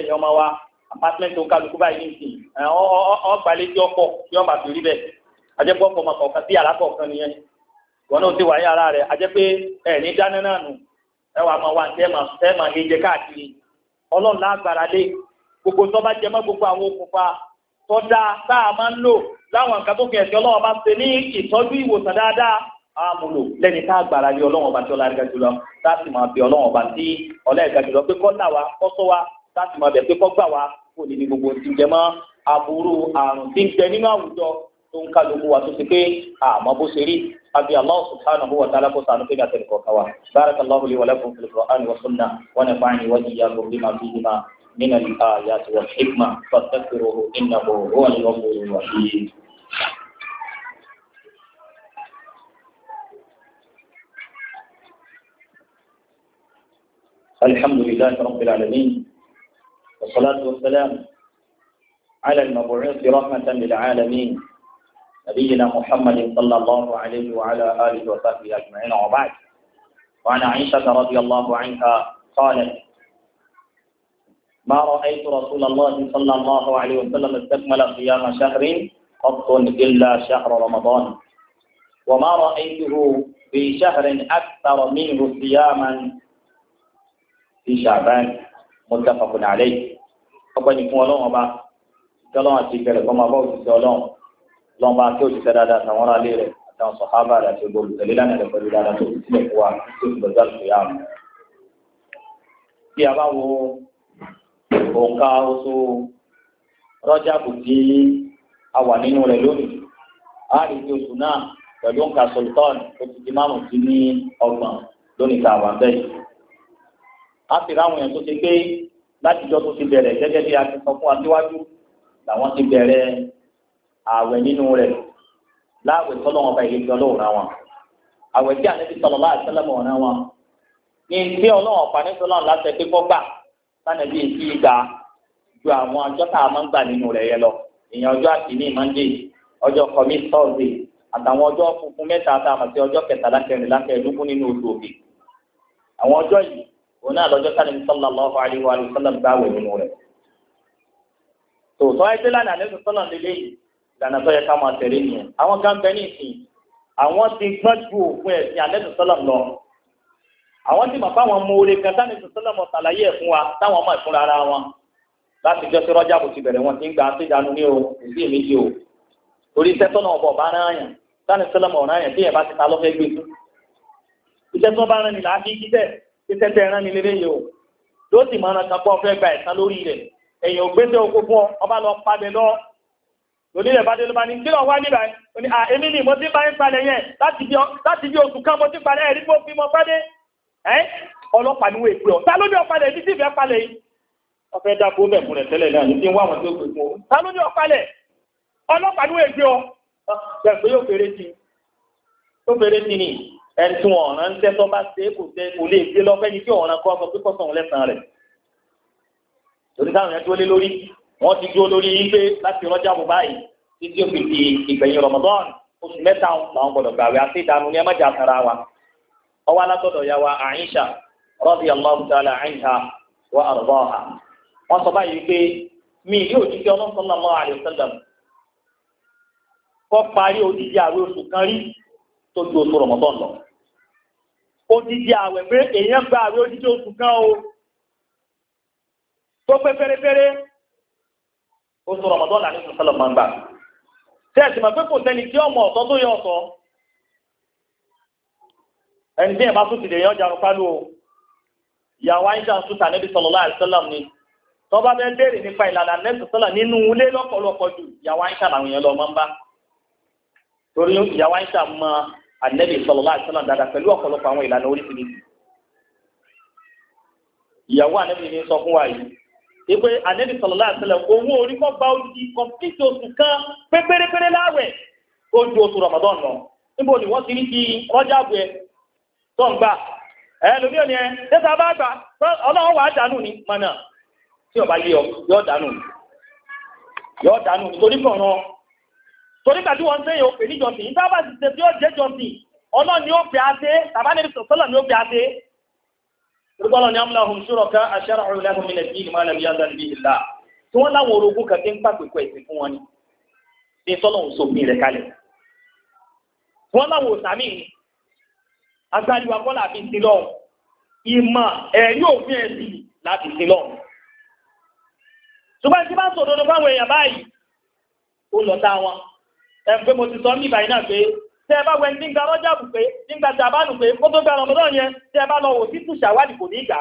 ẹ̀yìn ajẹ́pọ̀ ọkọ̀ máa kọ̀ọ̀kan sí yàrá kọ̀ọ̀kan nìyẹn wọn náà ti wà ní ara rẹ̀ ajẹ́pẹ́ ẹ̀ ní dáná náà nù ẹ wà máa wà tẹ́ máa tẹ́ máa yẹjẹ káàkiri ọlọ́run lágbára lé gbogbo tó bá jẹ mọ́ gbogbo àwọn okùnfà tó dáa tá a máa ń lò láwọn nǹkan tó fi ẹ̀sìn ọlọ́run bá ṣe ní ìtọ́jú ìwòsàn dáadáa àmúlò lẹ́ni tá àgbàrá lé ọlọ́run ọba tí ọlá ẹ̀ka jùlọ láti máa bẹ ọlọ́run ọba tí ọlá ẹ̀ka jùlọ pé kọ́ là wá kọ́ sọ wá láti máa bẹ̀ pé kọ́ gbà wá kò ní ní gbogbo ti jẹ mọ́ aburú àrùn tí ń jẹ nínú àwùjọ tó ń kálukú wa tó ti pé àmọ́ bó ṣe rí abi allah subhanahu wa ta'ala ko sanu kida tan ko kawa barakallahu li wa lakum fil qur'ani wa sunnah wa nafa'ani wa iyyakum bima fihi ma من الآيات والحكمة فاستغفروه إنه هو الغفور الرحيم الحمد لله رب العالمين والصلاة والسلام على المبعوث رحمة للعالمين نبينا محمد صلى الله عليه وعلى آله وصحبه أجمعين وبعد وعن عائشة رضي الله عنها قالت ما رأيت رسول الله صلى الله عليه وسلم استكمل صيام شهر قط إلا شهر رمضان وما رأيته في شهر أكثر منه صياما في شعبان متفق عليه ọpẹ́ ni fún Ọlọ́run ọba tí àti ìbẹ̀rẹ̀ máa òṣìṣẹ́ Ọlọ́run lọ́nba kí òṣìṣẹ́ dáadáa àtàwọn ará ilé rẹ̀ àtàwọn sọ̀hábà rẹ̀ àti gbogbo olùtẹ̀lé lánàá rẹ̀ pẹ̀lú dáadáa tó sílẹ̀ fún wa tó ń gbọ̀dọ̀ àlùfíà mu. bí a bá wo òǹkà oṣù rọ́jàbù tí a wà nínú rẹ̀ lónìí a rí i oṣù náà pẹ̀lú òǹkà sultan tó ti di márùn sí ní ọgbọ̀n lónìí tá a wà bẹ́ẹ̀. a sì ráwọn èèyàn tó ṣe pé látijọ́ tó ti bẹ̀rẹ̀ gẹ́gẹ́ bí a ti sọ fún ààwẹ̀ nínú rẹ̀ láàwẹ̀ tọ́lọ́ wọn bá yẹ kí ra wọn àwẹ̀ tí ànábi sọ̀rọ̀ bá àtẹ́lẹ́mọ̀ ọ̀rẹ́ wọn ní tí ọlọ́run ọ̀pá nítorí náà láti ẹgbẹ́ kọ́ gbà sànàbí èsì ìgbà ju àwọn ọjọ́ tá a máa ń gbà nínú rẹ̀ yẹ lọ ìyẹn ọjọ́ àtìní mande ọjọ́ kọmí sọ́ọ̀dẹ̀ àtàwọn ọjọ́ funfun mẹ́ta tá a ọjọ́ kẹtàlá kẹrìnlá kẹẹ̀ẹ́dógún nínú nínú rẹ̀ ìlànà tó yẹ ká máa tẹ̀lé nìyẹn àwọn kan bẹ ní ìsìn àwọn ti gbọ́n ju òfin ẹ̀sìn alẹ́ sọ́lọ̀ lọ àwọn ti mọ̀ fáwọn mọ oore kan sáni sọ́lọ̀ mọ̀ sàlàyé ẹ̀ fún wa táwọn máa fúnra ara wọn láti jọ́ sí rọ́jà kò ti bẹ̀rẹ̀ wọn ti ń gba àtijọ́nu ní o ìdí èméjì o torí iṣẹ́ tọ́nà ọ̀bọ̀ bá rán àyàn sáni sọ́lọ̀ mọ̀ àyàn onílẹ̀ bá dé ló bá ní kí lọ wá níbà ní èmi ni mo ti bá ń palẹ̀ yẹn láti bí oṣù kan mo ti palẹ̀ ẹ̀rí pé ó fi mọ pẹ́dé ẹ́ ọlọ́pàá ni wọ́n èpè ọ̀ ta ló ní ọ̀palẹ̀ ibi tí ìfẹ́ palẹ̀ yìí ọ̀fẹ́ dáko mẹ́ fún rẹ̀ tẹ́lẹ̀ náà ní kí n wá àwọn tó gbé fún ọ ta ló ní ọ̀palẹ̀ ọlọ́pàá ni wọ́n èpè ọ gbẹ̀gbẹ́ yóò fèrè sí yóò wọ́n ti dúró lórí yín pé láti rọ́jà mú báyìí títí ó fi di ìgbẹ̀yìn Ramadan oṣù mẹ́ta làwọn gbọ́dọ̀ gbàwé àti ìdánù ní ẹmẹ́jà sara wa ọwọ́ alátọ̀dọ̀ ya wa Aisha wọ́n sọ báyìí pé mi òjijì kọ́ parí odidi àwẹ̀ oṣù kan rí tó ju lọ odidi àwẹ̀ pé èèyàn gba àwẹ̀ odidi oṣù kan o tó pé oṣù rọmọdún là ní oṣù sọlọ máa ń gbà tí a sì mọ̀ pé kò sẹ́ni tí ọmọ ọ̀tọ̀ tó yẹ ọ̀tọ̀ ẹni tí ẹ bá tún ti ọjà rúpa ìyàwó àyíṣà ń níbi sọlọ láàrin ni béèrè nípa ìlànà sọlọ nínú ilé ju ìyàwó làwọn lọ máa ń bá torí ìyàwó sọlọ dáadáa ọpọlọpọ àwọn ìlànà ìyàwó ni sọ fún iwe ànẹ́bí sọ̀lọ́lá àtẹlẹ̀ owó orí kọ́ gba ojú oṣù kan pé láwẹ̀ ojú oṣù Ramadan lọ níbo ni wọ́n ti ní ti rọ́jà bù ẹ tó ń gbà ẹ ò ní ẹ bá gbà dànù ni mana tí ọba yé ọ yọ dànù yọ dànù nítorí kọ̀ọ̀rọ̀ torí kàdí wọn ti ṣe tí ó ni ó ni ó rúgbọ́lọ́ ni amúláhùn ṣúrọ̀ká aṣára ọ̀rẹ́lẹ́hùn nílẹ̀ bí ìmọ̀ ẹ̀lẹ́bí yáza níbi ìlà tí wọ́n láwọn orogún kan tí ń pàpẹ̀kọ ẹ̀sìn fún wọn ni ní sọ́lọ́hùn sófin rẹ̀ kalẹ̀ tí wọ́n láwọn ìmọ̀ ẹ̀rí òfin ẹ̀sìn láti ṣùgbọ́n tí bá tẹ bá wẹ ní gba rọ́jà bù pé ní gba jàbánu pé kó tó gba rọmọdọ́ yẹn tẹ bá lọ wò títù ṣàwádìí kò ní gbà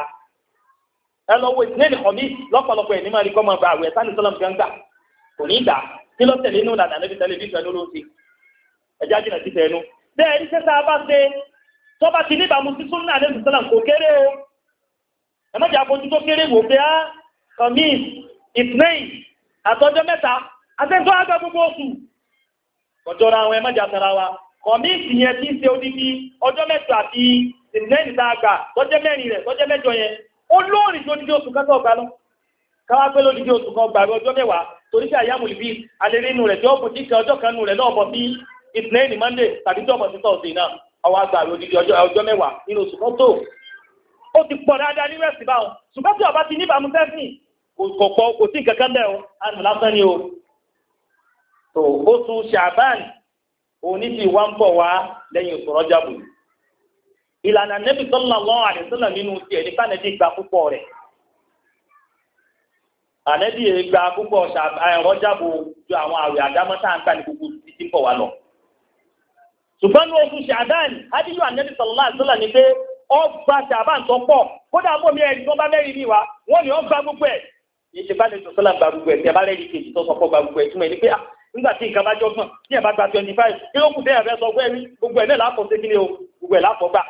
ẹ lọ wo ìdílé nìkan bí lọ́pọ̀lọpọ̀ ẹ̀ní máa rí kọ́ máa gba àwẹ̀ sani sọlọm gan gbà kò ní gbà kí ló tẹ̀lé inú lànà níbi tẹ̀lé bíṣọ lóró ti ẹja jìnà ti tẹ̀ ẹnu. bẹ́ẹ̀ ní sẹ́ta bá ṣe tó bá ti níbàámu sí súnà níbi sọlọm kò kéré o ẹ má jẹ́ àfojú tó kéré wò pé á ah, kọ̀mí ìtìlẹ́yìn àtọ́jọ́ mẹ́ta àtẹ́ńtọ́ àgbà gbogbo oṣù kọjọ́ra àwọn ẹ má jẹ́ àtàrà wa kọ̀míìtì yẹn tí ń ṣe odidi ọjọ́ mẹ́jọ àti ìrìnlẹ́yìn tá a gbà tọ́jẹ́ mẹ́rin rẹ̀ tọ́jẹ́ mẹ́jọ yẹn ó lóòrì tó oṣù lọ káwá pé lódìdí oṣù kan ọgbà ọjọ́ mẹ́wàá torí sí àyàmù ìbí alẹ́rí inú rẹ̀ tí ó kù kan ọjọ́ rẹ̀ tàbí sí sọ́ọ̀sì náà àgbà lódìdí ọjọ́ mẹ́wàá nínú oṣù kan ti pọ̀ dáadáa ní rẹ̀sì báwọn ṣùgbọ́n tí ọba ti fẹ́sìn kò pọ̀ kò kankan bẹ́ẹ̀ o lásán ni òní sì wá ń bọ̀ wá lẹ́yìn oṣù rọ́jàbù ìlànà nẹ́bí sọ́lá lọ́wọ́ àdìsọ́nà nínú tiẹ̀ ní kánẹ́bí gba púpọ̀ rẹ̀ gba púpọ̀ ju àwọn àwẹ̀ àdámọ́ ń gbà ní gbogbo ń bọ̀ wá lọ. ṣùgbọ́n ní oṣù ṣàbáàlì ádìyú ànẹ́bí sọ̀lá ni pé kódà bá mẹ́rin mi wá wọ́n ní gbogbo nígbà tí nǹkan bá jọ́gbọ̀n tí ẹ̀ bá gba twenty five kí ló kù tẹ́ ẹ̀ fẹ́ sọ fún ẹ̀rí gbogbo ẹ̀ náà láàpọ̀ sí kíni o gbogbo ẹ̀ láàpọ̀ gbà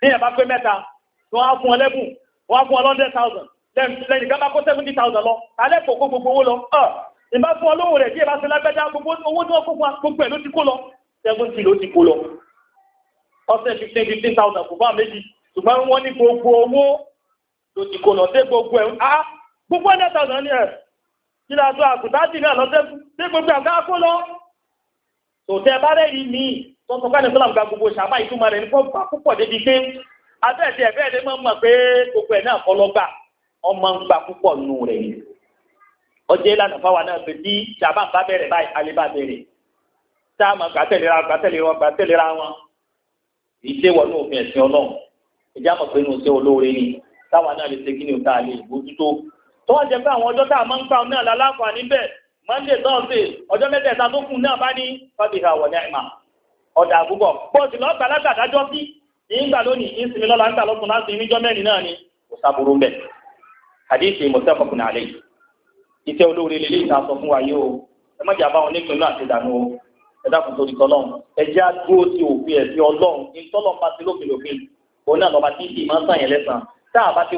tí ẹ̀ bá pé mẹ́ta wọ́n á fún ọ lẹ́bùn wọ́n á fún ọ lọ́ndẹ̀ thousand lẹ́yìn kan bá kó seventy thousand lọ alẹ́ kò kó gbogbo owó lọ ìbá fún ọ lóhùn rẹ̀ tí ẹ̀ bá ṣe lágbẹ́dá gbogbo owó tí wọ́n kó fún wa gbogbo ẹ̀ ló ti kó lọ seventy ló ti kó lọ ọ̀sẹ̀ fifteen fifteen thousand kò bá méjì ṣùgbọ́n wọ́n ní gbogbo owó ló ti kó lọ sí gbogbo ẹ̀ ah, gbogbo hundred thousand ní ẹ̀ sílá tó àkùtàtì náà lọ́sẹ́kù tí gbogbo àgbà kó lọ tó tẹ bá rẹ̀ yìí míì tó sọ fẹ́ni sọ́lá gba gbogbo ṣàbá ìtumọ̀ rẹ̀ nípa bá púpọ̀ débi pé abẹ́ẹ̀dẹ́ ẹ̀bẹ́ẹ̀dẹ́ máa ń mọ̀ pé gbogbo ẹ̀ náà kọ́ lọ́gbà ọmọ ń gbà púpọ̀ nù rẹ̀ ọjọ́ ìlànà fáwa náà pé bí ṣàbá bá bẹ̀rẹ̀ báyìí alébá bẹ̀rẹ̀ tá a máa gbàtẹ̀lera gbàtẹ̀lera gbàtẹ̀lera wọn ìṣèwọ̀ ní òfin ẹ̀sìn ọlọ́run ìjà mọ̀ pé ní oṣù olóore ni táwa náà lè ṣe kí ni òta lè bójútó tó wá jẹ́ pé àwọn ọjọ́ tá a máa ń pa náà láláfà níbẹ̀ monday thursday ọjọ́ mẹ́tẹ̀ẹ̀ta tó kù náà bá ní fàbíhà wọ̀ ní àìmà ọ̀dà àgúbọ̀ pọ́ọ̀sì lọ́gbà látàdájọ́ sí ìgbà lónìí ìsinmi lọ́la ń tàlọ́kùn láti níjọ́ mẹ́rin náà o ẹ má jà bá wọn nípìn náà àti ìdànù o ẹ dákun torí tọlọ́run ẹ jẹ́ àdúró ti òfin ẹ̀sìn ọlọ́run ní tọ́lọ́run bá ti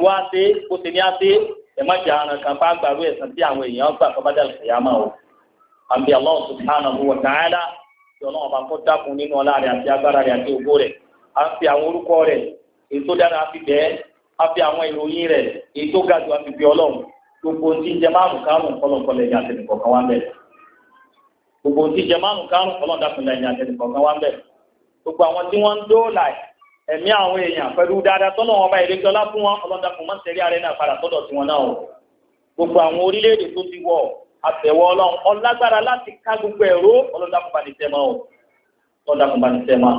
a bá ẹ má kapa kan bá gbàrú ẹ̀sán tí àwọn èèyàn gbà tó bá dà lọ́sẹ̀ máa wọ̀. àbí Allah subhanahu wa ta'ala tí ọlọ́run bá dákun nínú ọlá rẹ̀ àti agbára rẹ̀ fi àwọn orúkọ rẹ̀ ètò dára fi bẹ́ẹ̀ á fi àwọn ìròyìn rẹ̀ ètò gàdù àfi bí ọlọ́run gbogbo ti jẹ márùn kárùn kọlọ̀kọlọ̀ ẹ̀yà wá bẹ̀. gbogbo ti jẹ márùn kárùn kọlọ̀dàkùnlẹ̀ ẹ̀yà wá ẹ̀mí àwọn èèyàn pẹ̀lú dáadáa tọ́nà wọn bá ìrètí ọlá fún wọn ọlọ́dàkùn máa ń tẹ̀lé ààrẹ náà padà sọ́dọ̀ tiwọn náà o gbogbo àwọn orílẹ̀-èdè tó ti wọ̀ àtẹ̀wọ́ ọlọ́run ọlágbára láti ká gbogbo ẹ̀rọ ọlọ́dàkùn bá ní sẹ́mà o ọlọ́dàkùn bá ní sẹ́mà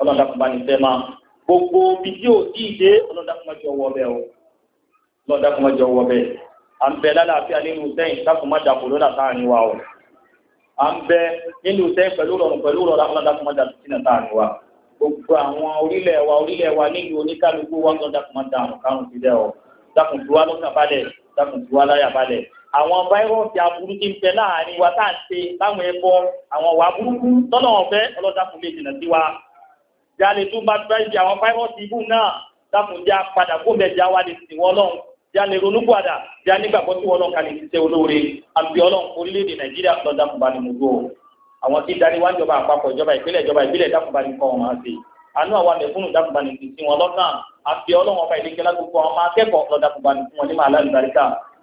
ọlọ́dàkùn bá ní sẹ́mà gbogbo bí ò tí ì dé ọlọ́dàkùn má jẹ́ ọwọ́ bẹ́ẹ̀ o ọlọ́dàkùn má jẹ́ ọwọ́ bẹ́ẹ̀ à ń bẹ lálàáfíà nínú sẹ́yìn dákùn má dà kòrónà sáàrin à ń bẹ nínú sẹ́yìn pẹ̀lú rọrùn pẹ̀lú rọra ọlọ́dàkùn má dà sí náà sáàrin wa gbogbo àwọn orílẹ̀ wa orílẹ̀ wa nílùú oníkálukú wa gan dákùnmá dàrún kárùn sílẹ̀ o dákùn tiwa lọ́kàn balẹ̀ dákùn tiwa láyà balẹ̀ àwọn fáírọ́ọ̀sì aburú ti ń bẹ láàrin wa tá à ń ṣe láwọn ẹbọ àwọn wà burúkú tọ́nà ọ̀fẹ́ ọlọ́dàkùn lè jìnà sí wa jáde tó bá fẹ́ di àwọn fáírọ́ọ̀sì ibú náà dákùn já padà kó bẹ̀ já wa lè sìn wọ́n lọ́hùn já lè ronú padà já nígbàgbọ́ tí wọ́n lọ́hùn àwọn tí darí wá ìjọba àpapọ̀ ìjọba ìpínlẹ̀ ìjọba ìbílẹ̀ dákùnbá nìkan wọn máa ṣe àánú àwọn àmẹ̀kúnnù dákùnbá nìkan sí wọn lọ́sàn àfi ọlọ́wọ́n ọba ìdíkẹ́ lágbègbè àwọn máa kẹ́kọ̀ọ́ ọlọ́dàkùnbá nìkan wọn ní màálà ìbáríkà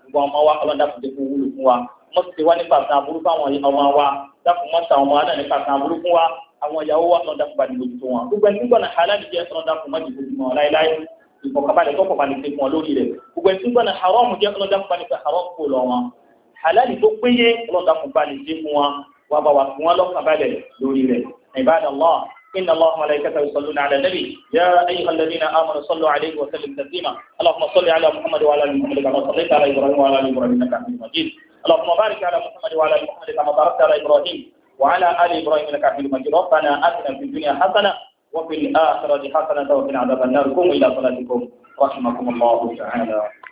gbogbo àwọn ọmọ wa ọlọ́dàkùnjẹ́ kó wúlò fún wa wọ́n ti wá nípa àtàn aburú fáwọn ọmọ wa dákùn mọ́ta ọmọ wa náà nípa àtàn aburú fún wa àwọn ìyàwó wa ọlọ́dàkùnbá ní wọn gbogbo ẹni tí gbọ́dọ̀ halal jẹ́ ọlọ́dàkùn má jìbò jùmọ̀ láéláé ìfọ̀kàbalẹ̀ tó fọ̀balẹ̀ ṣe fún ọ lórí rẹ̀ gbogbo ẹni tí gbọ́dọ̀ haram jẹ́ ọlọ́dàkùnbá ní pẹ̀ haram kò lọ wọn halal tó péye ọlọ́dàkùnbá ní ṣe fún wọn wà bá wà fún wọn lọ́kàn balẹ̀ lórí إن الله ملائكته يصلون على النبي يا أيها الذين آمنوا صلوا عليه وسلم تسليما اللهم صل على محمد وعلى آل محمد كما صليت على إبراهيم وعلى آل إبراهيم إنك حميد مجيد اللهم بارك على محمد وعلى آل محمد كما باركت على إبراهيم وعلى آل إبراهيم إنك حميد مجيد ربنا آتنا في الدنيا حسنة وفي الآخرة حسنة وقنا عذاب النار قوموا إلى صلاتكم رحمكم الله تعالى